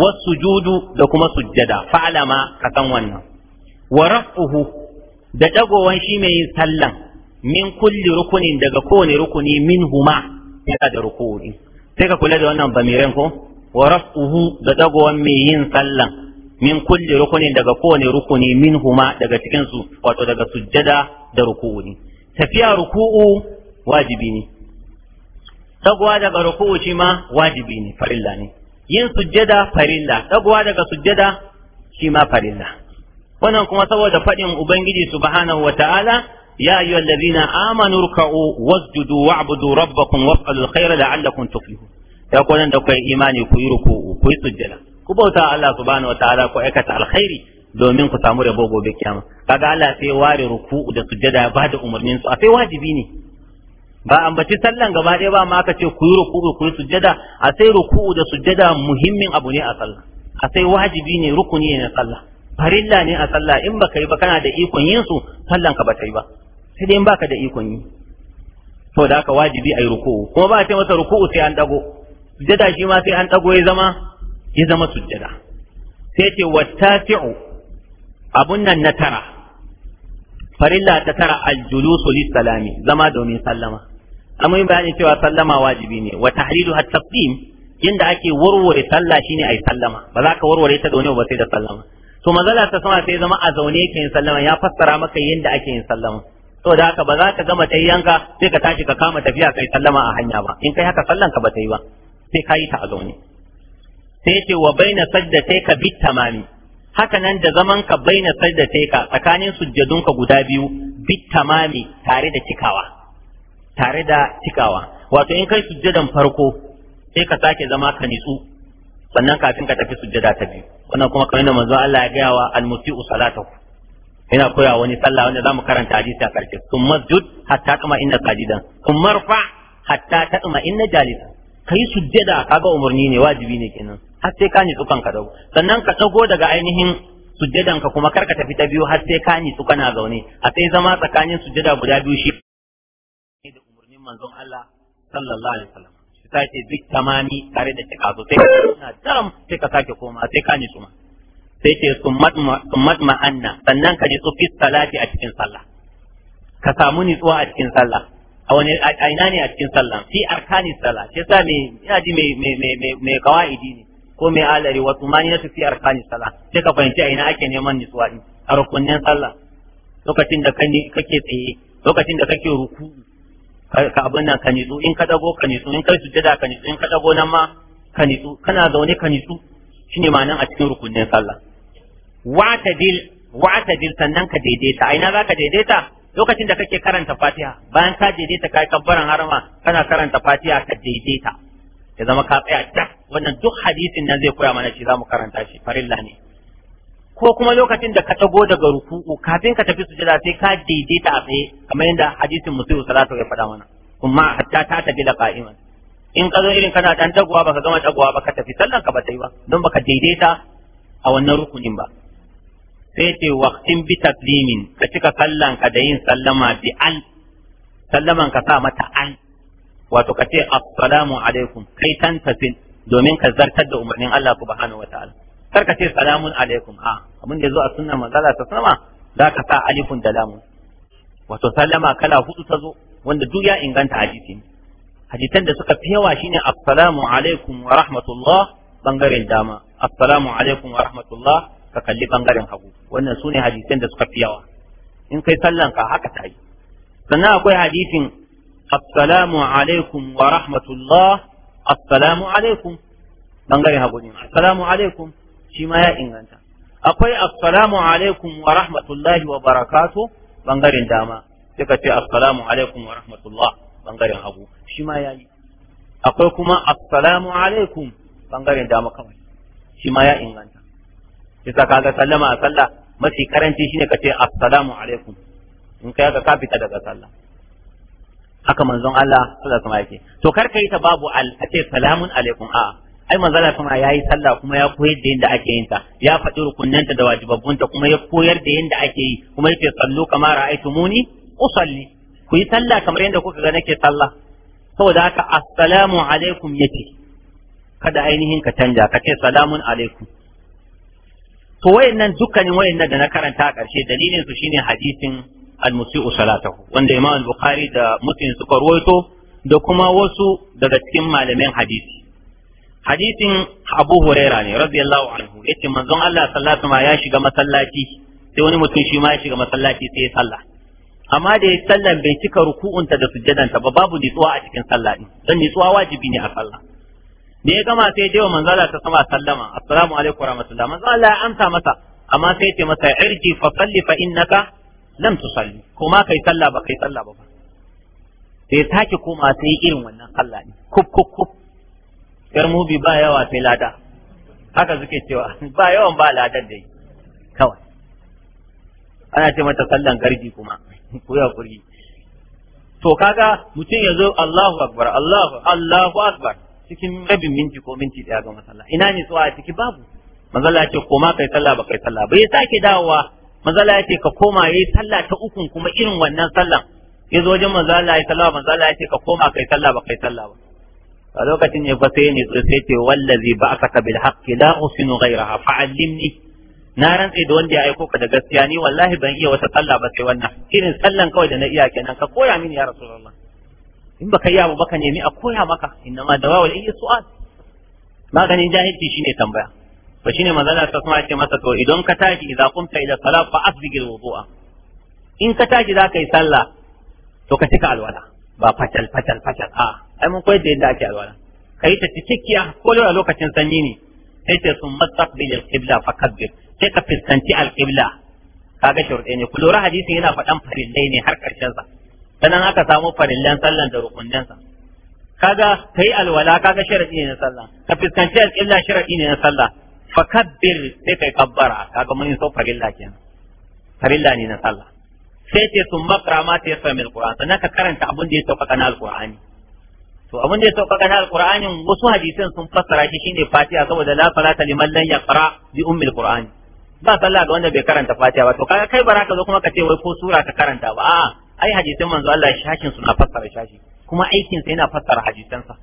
wasujudu da kuma sujjada fa'alama ka san wannan wa raf'uhu da dagowan shi mai yin sallan min kulle rukunin daga kowane rukuni min huma yana da ruku'u sai ka kula da wannan bamiren ko wa raf'uhu da dagowan mai yin sallan min kulli rukunin daga kowane rukuni min huma daga cikin su wato daga sujjada da ruku'u ne tafiya ruku'u wajibi ne dagowa daga ruku'u shi ma wajibi ne farilla ne yin sujjada farilla dagowa daga sujjada shi ma farilla wannan kuma saboda faɗin ubangiji subhanahu wata'ala يا أيها الذين آمنوا اركعوا واسجدوا واعبدوا ربكم وافعلوا الخير لعلكم تفلحون يقول أن دكوا إيماني كيركوا كيسجلا كبوتا الله سبحانه وتعالى كأكة الخير domin ku samu rabo gobe kiyama kaga Allah sai ware ruku'u da sujjada ba da umarnin a sai wajibi ne ba ambaci sallan gaba ɗaya ba ma aka ce ku yi ruku'u ku yi sujjada a sai ruku'u da sujjada muhimmin abu ne a sallah a sai wajibi ne rukuni ne na sallah farilla ne a sallah in baka yi ba kana da ikon yin su sallan ba ta yi ba sai dai in baka da ikon yi to da aka wajibi ayi ruku'u kuma ba a ce masa ruku'u sai an dago sujjada shi ma sai an dago ya zama ya zama sujjada sai ce wattafi'u abun nan na tara farilla ta tara aljulusu salami zama domin sallama amma yin bayani cewa sallama wajibi ne wa tahlilu at taqdim inda ake warware sallah shine ai sallama ba za ka warware ta da wani ba sai da sallama to mazala ta sama sai zama a zaune yake yin sallama ya fassara maka yadda ake yin sallama da haka ba za ka gama yanka sai ka tashi ka kama tafiya kai sallama a hanya ba in kai haka sallan ka ba ta yi ba sai ka yi ta a zaune sai ce wa baina ka bi tamami haka nan da zaman ka baina ka tsakanin sujjadunka guda biyu bi tamami tare da cikawa tare da cikawa wato in kai sujjadan farko sai ka sake zama ka nitsu sannan kafin ka tafi sujjada ta biyu wannan kuma kamar yadda manzo Allah ya gaya wa al-musii'u salatahu ina koya wani sallah wanda zamu karanta hadisi a karshe sun masjud hatta kama inna sajidan sun marfa hatta ta kama inna jalisan kai sujjada kaga umarni ne wajibi ne kenan har sai ka nitsu kanka dago sannan ka dago daga ainihin sujjadan ka kuma karka tafi ta biyu har sai ka nitsu kana zaune a sai zama tsakanin sujjada guda biyu shi ne da umarnin manzon Allah sallallahu alaihi wasallam sai ce duk tamani tare da cika sosai sai ka daram sai ka sake koma sai ka nitsu ma sai ce summat matmaanna sannan ka ji fi salati a cikin sallah ka samu nitsuwa a cikin sallah a wani aina ne a cikin sallah fi arkani sallah sai sa me ina ji mai kawaidi ne ko mai alari wasu ma ne su fi arkani sallah sai ka fahimci aina ake neman nitsuwa ne a rukunin sallah lokacin da kake tsaye lokacin da kake ruku ka abin nan ka nitsu in ka dago ka nitsu in kai sujjada ka nitsu in ka dago nan ma ka nitsu kana zaune ka nitsu shine nan a cikin rukunin sallah wa'tadil wa'tadil sannan ka daidaita a ina zaka daidaita lokacin da kake karanta Fatiha bayan ka daidaita kai kabbaran harama kana karanta Fatiha ka daidaita ya zama ka tsaya da wannan duk hadisin nan zai koya mana shi zamu karanta shi farilla ne ko kuma lokacin da ka tago daga ruku'u kafin ka tafi sujada sai ka daidaita a tsaye kamar yadda hadisin musulun salatu ya faɗa mana kuma hatta ta tafi da qa'iman in ka zo irin kana dan ba baka gama ba baka tafi sallan ka ba ta yi ba don baka daidaita a wannan rukunin ba sai ce waqtin bi taslimin ka cika sallan ka da yin sallama bi an sallaman ka sa mata an wato ka ce assalamu alaikum kai tantafin domin ka zartar da umarnin Allah subhanahu wataala kar ka ce salamun alaikum a abin da zo a sunnar manzala ta sama za ka sa alifun da lamun wato sallama kala hudu ta zo wanda duk ya inganta hadisi hadisan da suka fi yawa shine assalamu alaikum wa rahmatullah bangaren dama assalamu alaikum wa rahmatullah ka kalli bangaren hagu wannan su ne hadisan da suka fi yawa in kai sallan ka haka ta yi sannan akwai hadisin assalamu alaikum wa rahmatullah assalamu alaikum bangaren hagu ne assalamu alaikum shi ma ya inganta akwai assalamu alaikum wa rahmatullahi wa barakatu bangaren dama sai ka ce assalamu alaikum wa rahmatullah bangaren hagu shi ma ya yi akwai kuma assalamu alaikum bangaren dama kawai shi ma ya inganta yasa kaga sallama a sallah mafi karanci shine ka ce assalamu alaikum in kai ka fita daga sallah haka manzon Allah sallallahu alaihi wasallam yake to kar kai ta babu al a ce salamun alaikum a ai manzon Allah kuma yayi sallah kuma ya koyar da yanda ake yin ta ya faɗi rukunnanta da wajibabbunta kuma ya koyar da yanda ake yi kuma yake sallu kama ra'aytumuni usalli ku yi sallah kamar yadda kuka ga nake sallah saboda haka assalamu alaikum yace kada ainihin ka canja ka ce salamun alaikum to wayannan dukkanin wayannan da na karanta a ƙarshe dalilin su shine hadisin al-musi'u salatahu wanda Imam al-Bukhari da Muslim suka rawaito da kuma wasu daga cikin malamin hadisi hadisin Abu Huraira ne radiyallahu anhu yace manzon Allah sallallahu alaihi ya shiga masallaci sai wani mutum shi ma ya shiga masallaci sai ya sallah amma da ya sallan bai cika ruku'unta da sujjadanta ba babu nitsuwa a cikin sallah din dan nitsuwa wajibi ne a sallah da ya gama sai je wa Allah ta sama sallama assalamu alaikum warahmatullahi manzo Allah ya amsa masa amma sai ce masa irji fa salli fa innaka lam tusalli kuma kai sallah ba kai sallah ba sai take koma sai irin wannan sallah ne kuf kuf kuf yar mubi ba yawa sai lada haka suke cewa <laughs> ba yawan ba ladan dai kawai ana ce mata sallan garji kuma ko ya kurgi to kaga mutum ya zo Allahu akbar Allahu Allahu akbar cikin rabin minti ko minti daya ga masallah ina ne tsuwa ciki babu mazala ce koma kai sallah ba kai sallah ba ya sake dawowa mazala ce ka koma yi sallah ta ukun kuma irin wannan sallan ya zo wajen mazala ya sallah mazala ce ka koma kai sallah ba kai sallah ba a lokacin ne fa sai ne sai ce wallazi ba aka ba'athaka bil haqqi la usinu ghayraha fa'allimni na rantse da wanda ya aiko ka da gaskiya ni wallahi ban iya wata sallah ba sai wannan irin sallan kawai da na iya kenan ka koya mini ya rasulullah in baka iya ba ka nemi a koya maka innama dawawul iya su'al maganin jahilci shine tambaya to shine manzala ta kuma ce masa to idan ka tashi idza qumta ila salat fa asbigil wudu'a in ka tashi za ka yi sallah to ka cika alwala ba fatal fatal fatal a ai mun koyar da yadda ake alwala ka yi ta cikakkiya ko da lokacin sanyi ne sai ce sun mastaqbil alqibla fakabbir sai ka fuskanci alqibla kaga shurde ne ku lura hadisi yana faɗan farillai ne har ƙarshen sa Sannan aka samu farillan sallan da rukunansa kaga kai alwala kaga sharadi ne na sallah ka fuskanci alƙilla sharadi ne na sallah Fa fakabbir sai kai kabbara kaga mun so farilla kenan farilla ne na sallah sai ce sun makra ma ta yasa mil alquran sannan ka karanta abin da ya sauka na alqurani to abin da ya sauka na alqurani wasu hadisan sun fassara shi shine fatiha saboda la salata liman lam yaqra bi ummi alqurani ba sallah ga wanda bai karanta fatiha ba to kaga kai baraka zo kuma ka ce wai ko sura ka karanta ba a'a ai hadisin manzo Allah shakin suna fassara shashi kuma aikin sa yana fassara hadisansa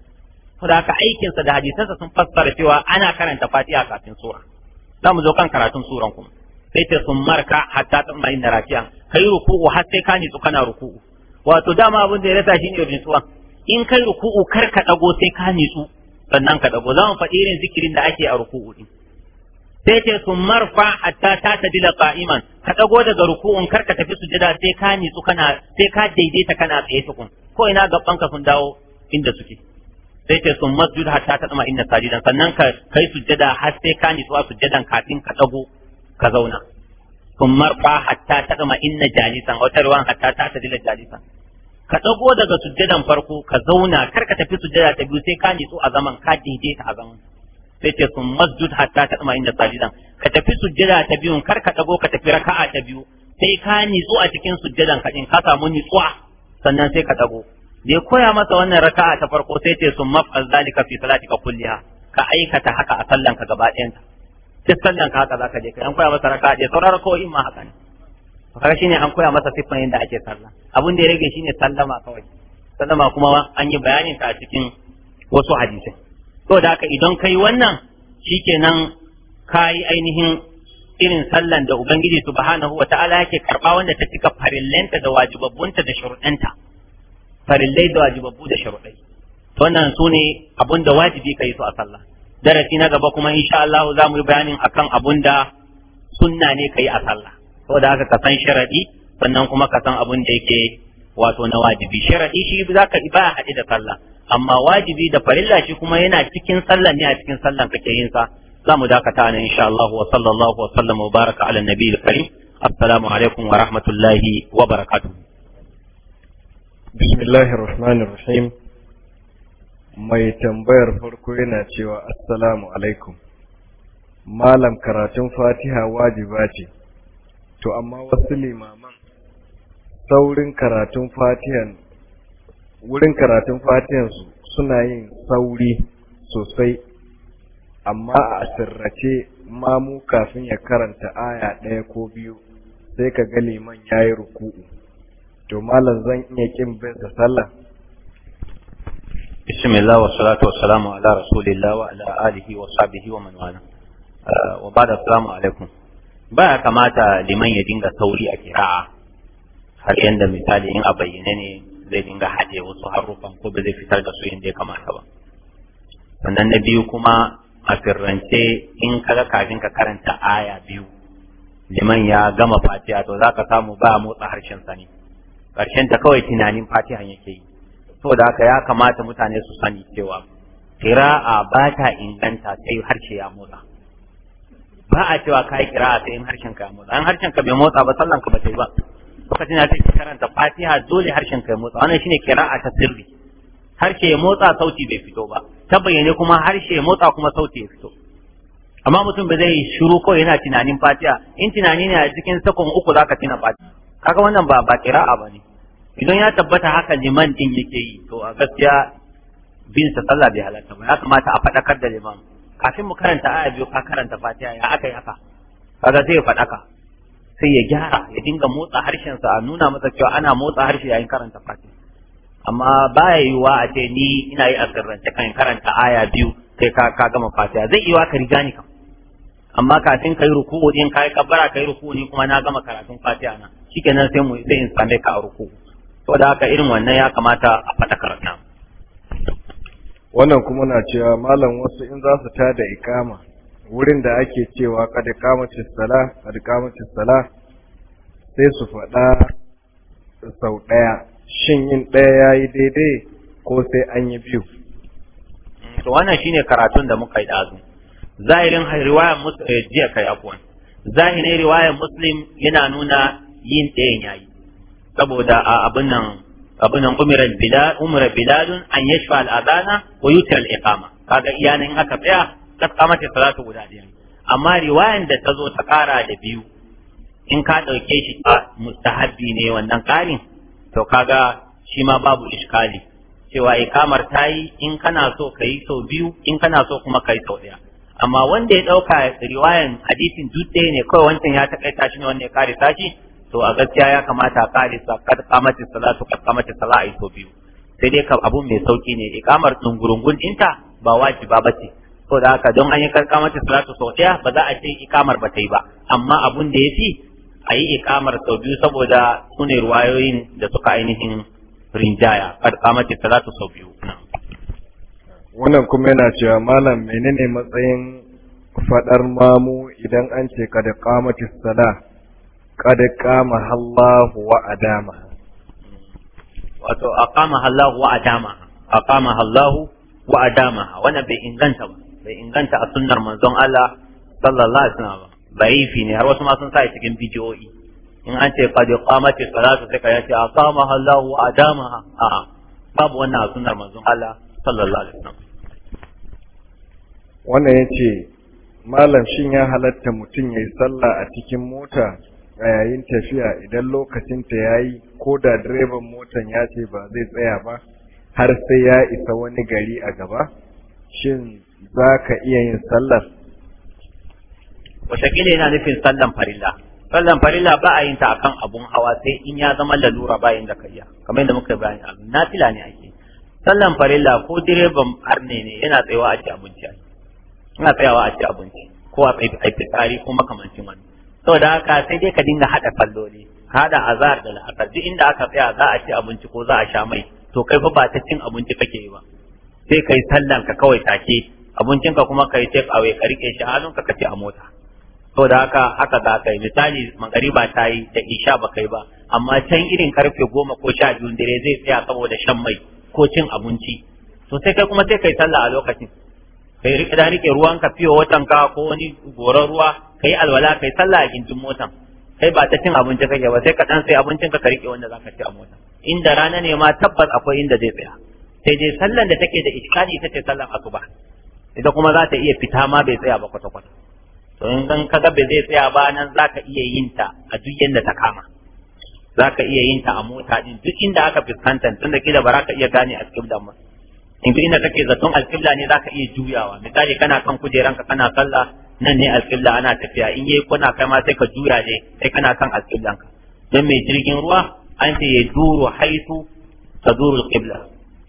saboda haka aikin sa da hadisansa sun fassara cewa ana karanta Fatiha kafin sura za zo kan karatun suran kuma sai ta sun marka hatta ta mai da rafiya kai ruku'u har sai ka nitsu kana ruku'u wato dama abin da ya rasa ne nitsuwa in kai ruku'u kar ka dago sai ka nitsu sannan ka dago zamu faɗi irin zikirin da ake a ruku'u din sai ce sun marfa a ta dila qa'iman ka dago daga ruku'un kar ka tafi sujada sai ka nitsu kana sai ka daidaita kana tsaye tukun ko ina gaban ka sun dawo inda suke sai ce sun masjud har ta tsama inda sajidan sannan ka kai sujada har sai ka nitsu a sujadan kafin ka dago ka zauna sun marfa hatta ta tsama inna jalisan wata ruwan hatta ta tabila jalisan ka dago daga sujadan farko ka zauna kar ka tafi sujada ta biyu sai ka nitsu a zaman ka daidaita a zaman Sai ce sun masjid hatta ta tsama inda sajidan ka tafi sujjada ta biyun kar ka dago ka tafi raka'a ta biyu sai ka nitsu a cikin sujjadan ka in ka samu nitsuwa sannan sai ka dago bai koya masa wannan raka'a ta farko sai ce sun mafaz zalika fi salatika kulliha ka aikata haka a sallan ka gaba ɗayan sai sallan ka haka zaka je kai an koya masa raka'a da sauran in ma haka ne kaga shine an koya masa siffan yadda ake sallah abin da ya rage shine sallama kawai sallama kuma an yi bayanin ta a cikin wasu hadisai to da haka idan kai wannan shikenan kai ainihin irin sallan da ubangiji subhanahu wata'ala yake karba wanda ta cika farillanta da wajibabbunta da shuruɗanta farillai da wajibabbu da shuruɗai wannan su ne da wajibi ka yi su a sallah darasi na gaba kuma insha Allah za mu yi bayanin akan abun da sunna ne ka yi a sallah saboda haka ka san sharadi sannan kuma ka san abun da yake wato na wajibi sharadi shi za ka ba haɗe da sallah amma wajibi da farilla shi kuma yana cikin sallan ne a cikin sallan kake yin sa za mu dakata ne insha Allah wa sallallahu wa sallam wa baraka ala nabiyil karim assalamu alaikum wa rahmatullahi wa barakatuh bismillahir rahmanir rahim mai tambayar farko yana cewa assalamu alaikum malam karatun fatiha wajiba ce to amma wasu limaman saurin karatun fatihan wurin karatun su suna yin sauri sosai amma a sirrace mamu kafin ya karanta aya ɗaya ko biyu sai ka ga liman ya yi ruku'u to malam zan iya kin bin sa sallah bismillah wa salatu wa salamu ala rasulillah wa ala alihi wa sahbihi wa man wala ah, wa ba'da assalamu alaikum ba ya kamata liman ya dinga sauri a kira'a har yanda misali in a bayyane ne zai dinga haɗe wasu harufan ko ba zai fitar da su inda ya kamata ba sannan na biyu kuma a firrance in kaga kafin ka karanta aya biyu liman ya gama fatiha to za ka samu ba motsa harshen sani karshen ta kawai tunanin fatihan yake yi da haka ya kamata mutane su sani cewa kira'a ba ta inganta sai harshe ya motsa ba a cewa ka yi kira'a sai harshen ka ya motsa in harshen ka bai motsa ba sallan ka ba yi ba lokacin da cikin karanta fatiha dole harshen kai motsa wannan shine kira'a ta sirri harshe ya motsa sauti bai fito ba ta bayyane kuma harshe ya motsa kuma sauti ya fito amma mutum ba zai shiru ko yana tunanin fatiha in tunani ne a cikin sakon uku zaka tuna fatiha kaga wannan ba ba kira'a bane idan ya tabbata haka liman din yake yi to a gaskiya bin sa sallah bai halatta ba ya kamata a faɗakar da liman kafin mu karanta aya biyu ka karanta fatiha ya aka yi haka kaga zai faɗaka sai ya gyara ya dinga motsa harshen sa a nuna masa cewa ana motsa harshe yayin karanta fati. amma baya yiwuwa a ce ni ina yi asirrance kan karanta aya biyu kai ka ka gama fatiha zai yiwa ka riga ni kam amma kafin kai ruku'u din kai kabbara kai ruku'u ni kuma na gama karatun fatiha na shikenan sai mu sai in same ka a ruku'u da haka irin wannan ya kamata a fada karanta wannan kuma na cewa malam wasu in za su tada ikama wurin da ake cewa kada qamatis sala kada qamatis sala sai su faɗa sau ɗaya shin yin ɗaya yayi daidai ko sai an yi biyu to wannan shine karatun da muka yi dazu zahirin riwayar muslim eh, jiya kai afwan zahirin riwayar muslim yana nuna yin ɗayan yayi saboda a abin nan abin nan umira bilad umira biladun an yashfa al adana wa yutil iqama kaga iyanin aka tsaya ta kamata salatu guda ɗaya amma riwayan da ta zo ta ƙara da biyu in ka ɗauke shi a mustahabbi ne wannan ƙarin to kaga shi ma babu iskali cewa ikamar ta yi in kana so ka yi sau biyu in kana so kuma ka yi sau ɗaya amma wanda ya ɗauka riwayan hadisin duk ɗaya ne kawai wancan ya taƙaita shi ne wanda ya kare tashi to a gaskiya ya kamata a kare sa kad kamatin salatu kad kamatin sala'a sau biyu sai dai ka abu mai sauki ne ikamar tsungurungun ɗinta ba wajiba ba ce ko da haka don an yi karkamata salatu sau ɗaya ba za a ce ikamar ba ta yi ba amma abun da ya fi a yi ikamar sau biyu saboda su ne ruwayoyin da suka ainihin rinjaya karkamata salatu sau biyu wannan kuma yana cewa malam menene matsayin fadar mamu idan an ce kada kamata sala kada kama Allahu wa adama wato kama Allahu wa adama kama Allahu wa adama wannan bai inganta ba bai inganta a sunnar manzon Allah sallallahu alaihi wasallam fi ne har wasu ma sun sa cikin bidiyoyi in an ce qad qamati salatu sai ya ce aqamaha Allahu adamaha a babu wannan a sunnar manzon Allah sallallahu alaihi wasallam wannan yace malam shin ya halatta mutum yayi sallah a cikin mota a yayin tafiya idan lokacin ta yayi ko da direban motan ya ce ba zai tsaya ba har sai ya isa wani gari a gaba shin za ka iya yin sallar wataƙila yana nufin sallan farilla sallan farilla ba a yin ta a kan abun hawa sai in ya zama lalura bayan da kariya kamar yadda muka bayani na fila ne ake sallan farilla ko direban arne ne yana tsayawa a ci abinci yana tsayawa a ci abinci ko a fitsari ko makamancin wani saboda haka sai dai ka dinga haɗa falloli hada azar da la'akar duk inda aka tsaya za a ci abinci ko za a sha mai to kai fa ba ta cin abinci kake yi ba sai kai sallan ka kawai take abincinka kuma kai take away ka rike shi hannunka ka ci a mota to da haka haka za ka yi misali ba ta yi da isha ba kai ba amma can irin karfe goma ko sha biyun dare zai tsaya saboda shan mai ko cin abinci to sai kai kuma sai kai sallah a lokacin kai rike da rike ruwan ka fiye watan ka ko wani goron ruwa kai alwala kai sallah a gindin motan kai ba ta cin abinci kake ba sai ka dan sai abincin ka rike wanda zaka ci a motan inda rana ne ma tabbas akwai inda zai tsaya sai dai sallan da take da itikadi ita ce sallan asuba ita kuma za ta iya fita ma bai tsaya ba kwata-kwata to in dan kaga bai zai tsaya ba nan za ka iya yin ta a duk yadda ta kama za ka iya yin ta a mota din duk inda aka fuskanta tunda kila ba za ka iya gane alƙibla ma in duk inda kake zaton alƙibla ne za ka iya juyawa misali kana kan kujeranka kana sallah nan ne alƙibla ana tafiya in yayi kuna kai ma sai ka juya ne sai kana kan alƙiblanka don mai jirgin ruwa an ce ya duru haitu ta duru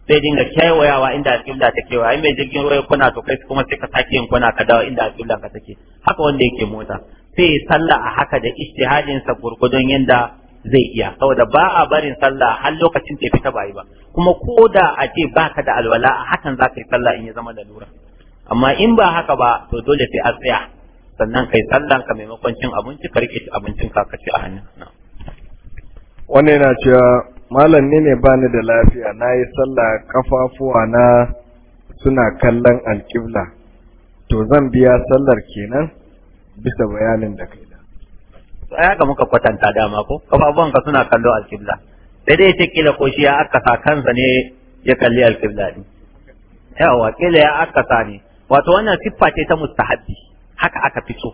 sai dinga kewayawa inda alƙibla ta kewa ai mai jirgin ruwa kuna to kai kuma sai ka sake yin kuna ka dawo inda alƙibla ka take haka wanda yake mota sai ya sallah a haka da ijtihadin sa gurgudun yanda zai iya saboda ba a barin sallah har lokacin ta fita bai ba kuma ko da a ce baka da alwala a hakan za ka yi sallah in ya zama lalura amma in ba haka ba to dole sai a tsaya sannan kai sallan ka maimakon cin abinci ka rike ka ka ci a hannun wannan yana cewa malam ne ne bani da lafiya na yi sallah kafafuwa na suna kallon alƙibla to zan biya sallar kenan bisa bayanin da kai da sai haka muka kwatanta dama ko kafafuwan ka suna kallo alƙibla sai dai ce kila ko shi ya sa kansa ne ya kalli alƙibla ne. yawa kila ya sa ne wato wannan siffa ce ta mustahabbi haka aka fi so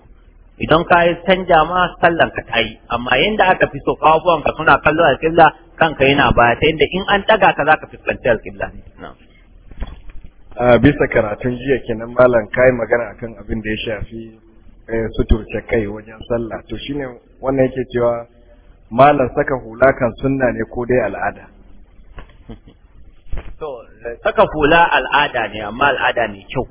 idan ka yi canja ma sallan ka yi amma yadda aka fi so kafafuwan ka suna kallo alƙibla kanka yana baya ta yadda in an daga ka za fuskanci alƙibla a bisa karatun jiya kenan malam kai magana akan abin da ya shafi eh, suturce kai wajen sallah to shine wannan yake cewa malam saka hula kan sunna ne ko dai al'ada to saka hula al'ada ne amma al'ada ne kyau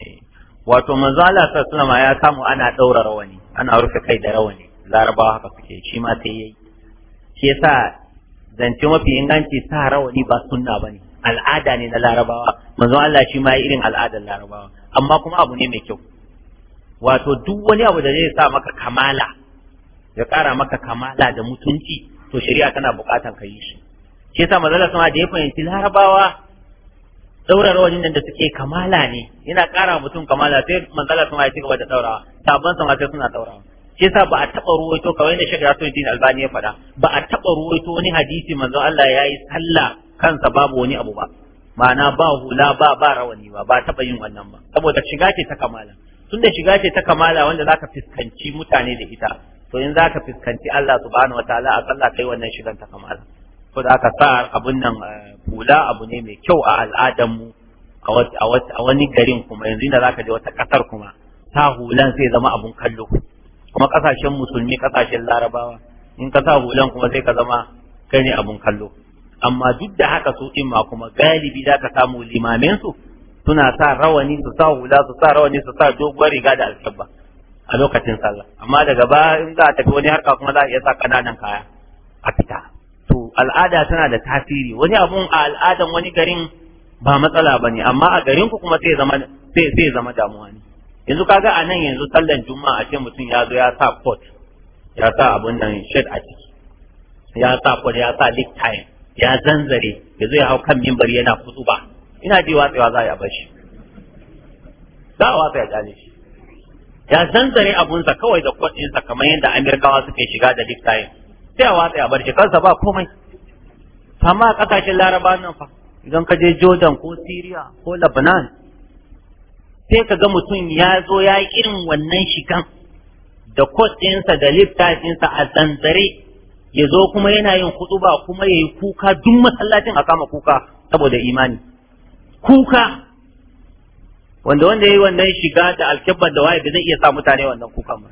eh, wato manzo Allah sallallahu ya samu ana daura rawani ana rufe kai da rawani larabawa haka suke shi ma sai yayi Ke sa zance mafi inganci sa rawani ba sunna ba ne al'ada ne na larabawa manzon Allah shi ma irin al'adar larabawa amma kuma abu ne mai kyau wato duk wani abu da zai sa maka kamala ya kara maka kamala da mutunci to shari'a tana bukatan ka yi shi ke sa manzon sama da ya fahimci larabawa daura rawani nan da suke kamala ne yana ƙara mutum kamala sai manzon sama ya ci gaba da daurawa sabon sama sai suna daurawa shi yasa ba a taba ruwaito kawai da Sheikh Nasiruddin Albani ya faɗa ba a taba ruwaito wani hadisi manzo Allah yayi sallah kansa babu wani abu ba ma'ana ba hula ba ba rawani ba ba taba yin wannan ba saboda shiga ce ta kamala tunda shiga ce ta kamala wanda zaka fuskanci mutane da ita to in zaka fuskanci Allah subhanahu wataala a sallah kai wannan shigan ta kamala ko da aka sa abun nan eh, hula abu ne mai kyau a al'adarmu a wani garin kuma yanzu da zaka je wata kasar kuma ta hulan sai zama abun kallo kuma kasashen musulmi kasashen larabawa in ka sa hulan kuma sai ka zama kai ne abun kallo amma duk da haka su in ma kuma galibi za ka samu limamin su suna sa rawani su sa hula su sa rawani su sa doguwar riga da alkabba a lokacin sallah amma daga ba in za a tafi wani harka kuma za a iya sa kananan kaya a fita to al'ada tana da tasiri wani abun a al'adan wani garin ba matsala ba ne, amma a garin ku kuma sai zama sai zama damuwa ne yanzu kaga a nan yanzu sallan juma'a ce mutum ya zo ya sa coat ya sa abun nan shirt a ciki ya sa coat ya sa necktie ya zanzare ya zo ya hau kan mimbari yana ba, ina ji watsewa za a bar shi za a watsa ya gane shi ya zanzare abunsa kawai da coat ɗinsa kamar yadda amirkawa suke shiga da necktie sai a watsa ya bar shi kansa ba komai amma a ƙasashen laraba nan fa idan ka je jordan ko syria ko lebanon sai ka ga mutum ya zo ya yi irin wannan shigan da kot ɗinsa da littafinsa a zanzare ya zo kuma yana yin ba kuma ya yi kuka duk masallacin a kama kuka saboda imani kuka wanda wanda ya yi wannan shiga da alkibban da waye ba zai iya sa mutane wannan kuka ba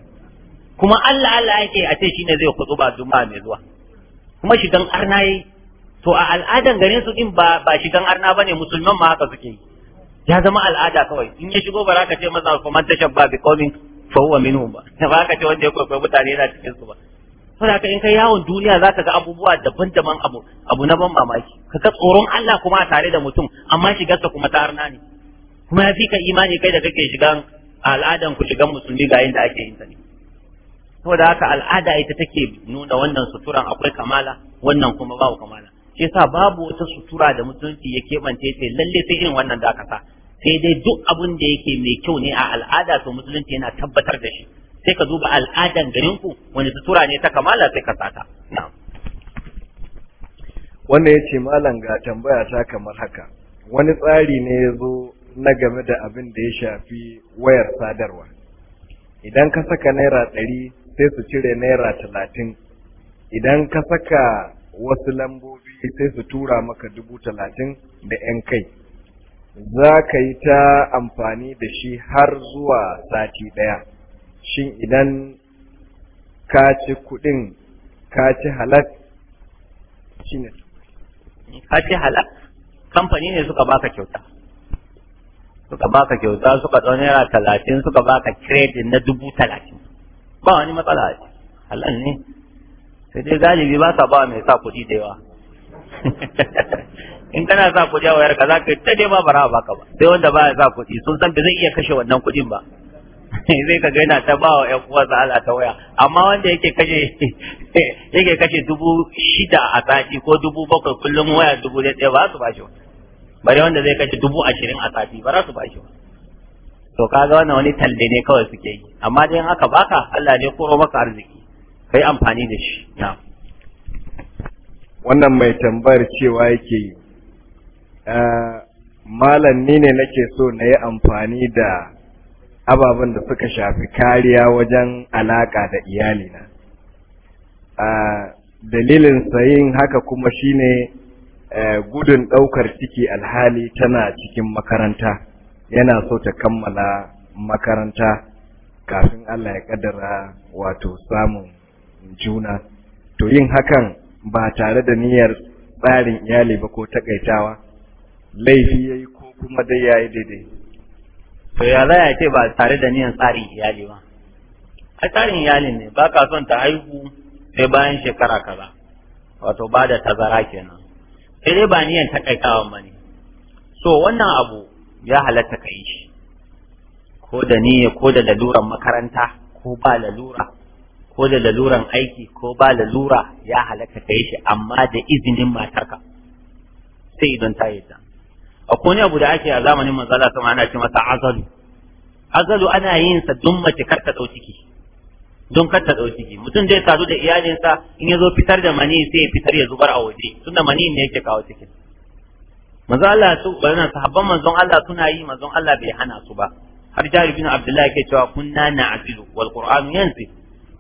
kuma Allah Allah yake a ce shine zai huɗuba juma'a mai zuwa kuma shigan arna yi to a al'adan garin su din ba ba shigan arna bane musulman ma haka suke yi ya zama al'ada kawai in ya shigo ba za ka ce masa kuma ta shabba bi qaumin fa huwa minhum ba <laughs> ba ka ce wanda ya kwaikwayo mutane yana cikin su ba saboda haka in kai yawon duniya za ka ga abubuwa daban-daban abu abu na ban mamaki ka ga tsoron Allah kuma a tare da mutum amma shigarsa kuma ta harna ne kuma ya fi ka imani kai da kake shigan al'adan ku shigan musulmi ga yadda ake yin ta ne saboda haka al'ada ita take nuna wannan suturan akwai kamala wannan kuma babu kamala shi yasa babu wata sutura da mutunci ya keɓance ce lalle sai irin wannan da aka sa sai dai duk abun da yake mai kyau ne a al'ada to musulunci yana tabbatar da shi sai ka zuba al'adan garin ku wani sutura ne ta kamala sai ka saka wannan yace malam ga tambaya ta kamar haka wani tsari ne ya zo na game da abin da ya shafi wayar sadarwa idan ka saka naira ɗari sai su cire naira talatin idan ka saka wasu lambobi sai su tura maka dubu talatin da 'yan kai za ka yi ta amfani da shi har zuwa sati ɗaya shin idan ka ci kuɗin ka ci halak shi ne ka ci halak kamfani ne suka baka kyauta suka baka kyauta suka ɗau naira talatin suka baka kiredit na dubu talatin ba wani matsala a halal ne sai dai galibi ba sa ba mai sa kuɗi da yawa <laughs> in kana sa kuɗi a wayarka za ka yi ta dai ba ba baka ba sai wanda ba ya sa kuɗi sun san ba zai iya kashe wannan kuɗin ba zai <laughs> ka ga yana ta ba wa ƴan uwansa ala ta waya amma wanda yake kashe <laughs> yake kashe dubu shida a sati ko dubu bakwai kullum waya dubu ɗaya ba su ba shi bare wanda zai kashe dubu ashirin a sati ba za su ba shi ba to kaga wannan wani talle ne kawai suke yi amma dai haka baka Allah ne koro maka arziki kai amfani da shi wannan mai tambayar cewa yake yi malam ni ne nake so na yi amfani da ababen da suka shafi kariya wajen alaƙa da iyalina dalilin sayin haka kuma shine e, gudun ɗaukar ciki alhali tana cikin makaranta yana so ta kammala makaranta kafin Allah ya kaddara wato samun juna to yin hakan ba tare da niyyar tsarin iyali ba ko takaitawa laifi yayi ko kuma dai yayi daidai to ya za a ce ba tare da niyan tsarin iyali ba a tsarin iyali ne ba ka son ta haihu sai bayan shekara kaza wato ba da tazara kenan sai dai ba niyan takaitawa ba ne so wannan abu ya halatta ka yi shi ko da niyya ko da laluran makaranta ko ba lalura ko da laluran aiki ko ba lalura ya halatta ka yi shi amma da izinin matarka sai idan ta yi ta akwai wani abu da ake a zamanin manzala sama ana ce masa azalu azalu ana yin sa don mace kar ta ciki don kar ta ciki mutum zai sadu da iyalinsa in ya zo fitar da mani sai ya fitar ya zubar a waje tun da mani ne yake kawo cikin manzo Allah su bayan sahabban manzon Allah suna yi manzon Allah bai hana su ba har jari bin abdullahi yake cewa kunna na'tilu wal qur'an yanzi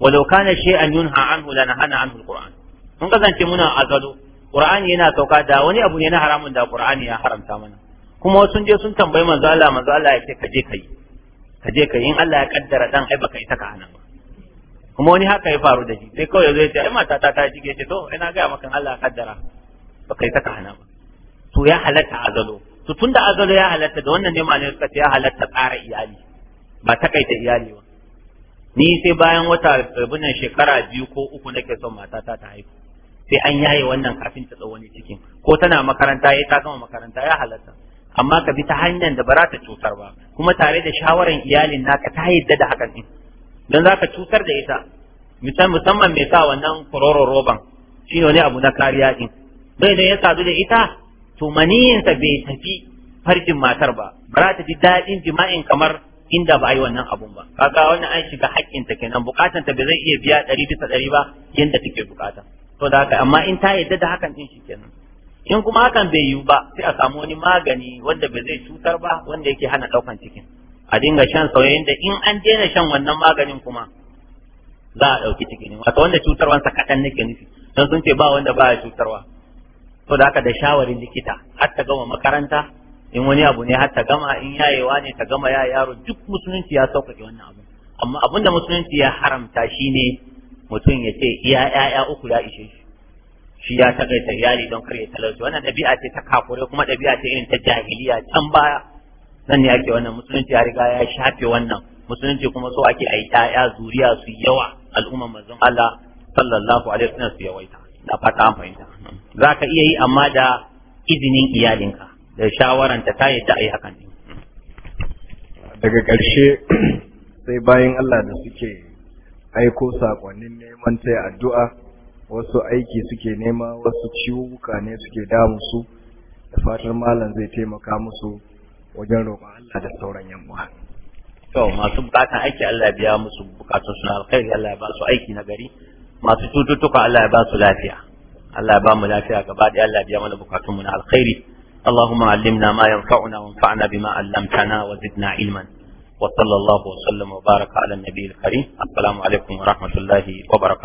walau kana shay'an yunha anhu hana anhu al qur'an mun kasance muna azalu qur'ani yana sauka da wani abu ne na haramun da qur'ani ya haramta mana kuma sun je sun tambayi manzo Allah manzo Allah ya ce ka je kai ka je kai in Allah ya kaddara dan ai baka ita ka anan kuma wani haka ya faru da shi sai kawai yazo ya ce ai mata ta ta shige ce to ina ga maka Allah ya kaddara baka ita ka anan ba to ya halatta azalo to tunda azalo ya halatta da wannan ne ma ne suka ce ya halatta tsara iyali ba takaita iyali ba ni sai bayan wata abin shekara biyu ko uku nake son matata ta haihu sai an yaye wannan kafin ta tsawo wani cikin ko tana makaranta ya ta gama makaranta ya halatta amma ka bi ta hanyar da ba za ta cutar ba kuma tare da shawaran iyalin naka ta yadda da hakan din dan za ka cutar da ita musamman mai sa wannan kororon roban shi ne wani abu na kariya din bai da ya sadu da ita to maniyinsa bai tafi farjin matar ba ba za ta ji daɗin jima'in kamar inda ba a yi wannan abun ba kaga wannan an shiga haƙƙinta kenan bukatanta ba zai iya biya ɗari bisa ɗari ba yadda take bukata to da haka amma in ta yadda da hakan din shikenan in kuma hakan bai yiwu ba sai a samu wani magani wanda bai zai cutar ba wanda yake hana daukan cikin a dinga shan sauyayin da in an daina shan wannan maganin kuma za a dauki cikin wato wanda cutarwansa kaɗan nake nufi don sun ce ba wanda ba ya cutarwa to da haka da shawarin likita har ta gama makaranta in wani abu ne har ta gama in yayewa ne ta gama ya yaro duk musulunci ya sauƙaƙe wannan abu amma abin musulunci ya haramta shine mutum ya ce iya ƴaƴa uku ya ishe shi shi ya ta iyali don kar ya talauci wannan ɗabi'a ce ta kakure kuma ɗabi'a ce irin ta jahiliya can baya nan ne ake wannan musulunci ya riga ya shafe wannan musulunci kuma so ake a yi ƴaƴa zuriya su yawa al'umman manzon Allah sallallahu alaihi wasallam su yawaita da fata an fahimta zaka iya yi amma da izinin iyalinka da shawaranta ta yadda a yi hakan daga ƙarshe sai bayan Allah da suke aiko saƙonnin neman taya addu'a wasu aiki suke nema wasu ciwuka ne suke damu su da fatar malam zai taimaka musu wajen roƙon Allah da sauran yamma. To masu bukatan aiki Allah biya musu bukatun suna alkhairi Allah ya ba su aiki na gari masu cututtuka Allah ya ba su lafiya Allah ya ba mu lafiya gaba da Allah ya biya mana bukatun mu na alkhairi اللهم علمنا ما ينفعنا وانفعنا بما علمتنا وزدنا علما وصلى الله وسلم وبارك على النبي الكريم السلام عليكم ورحمة الله وبركاته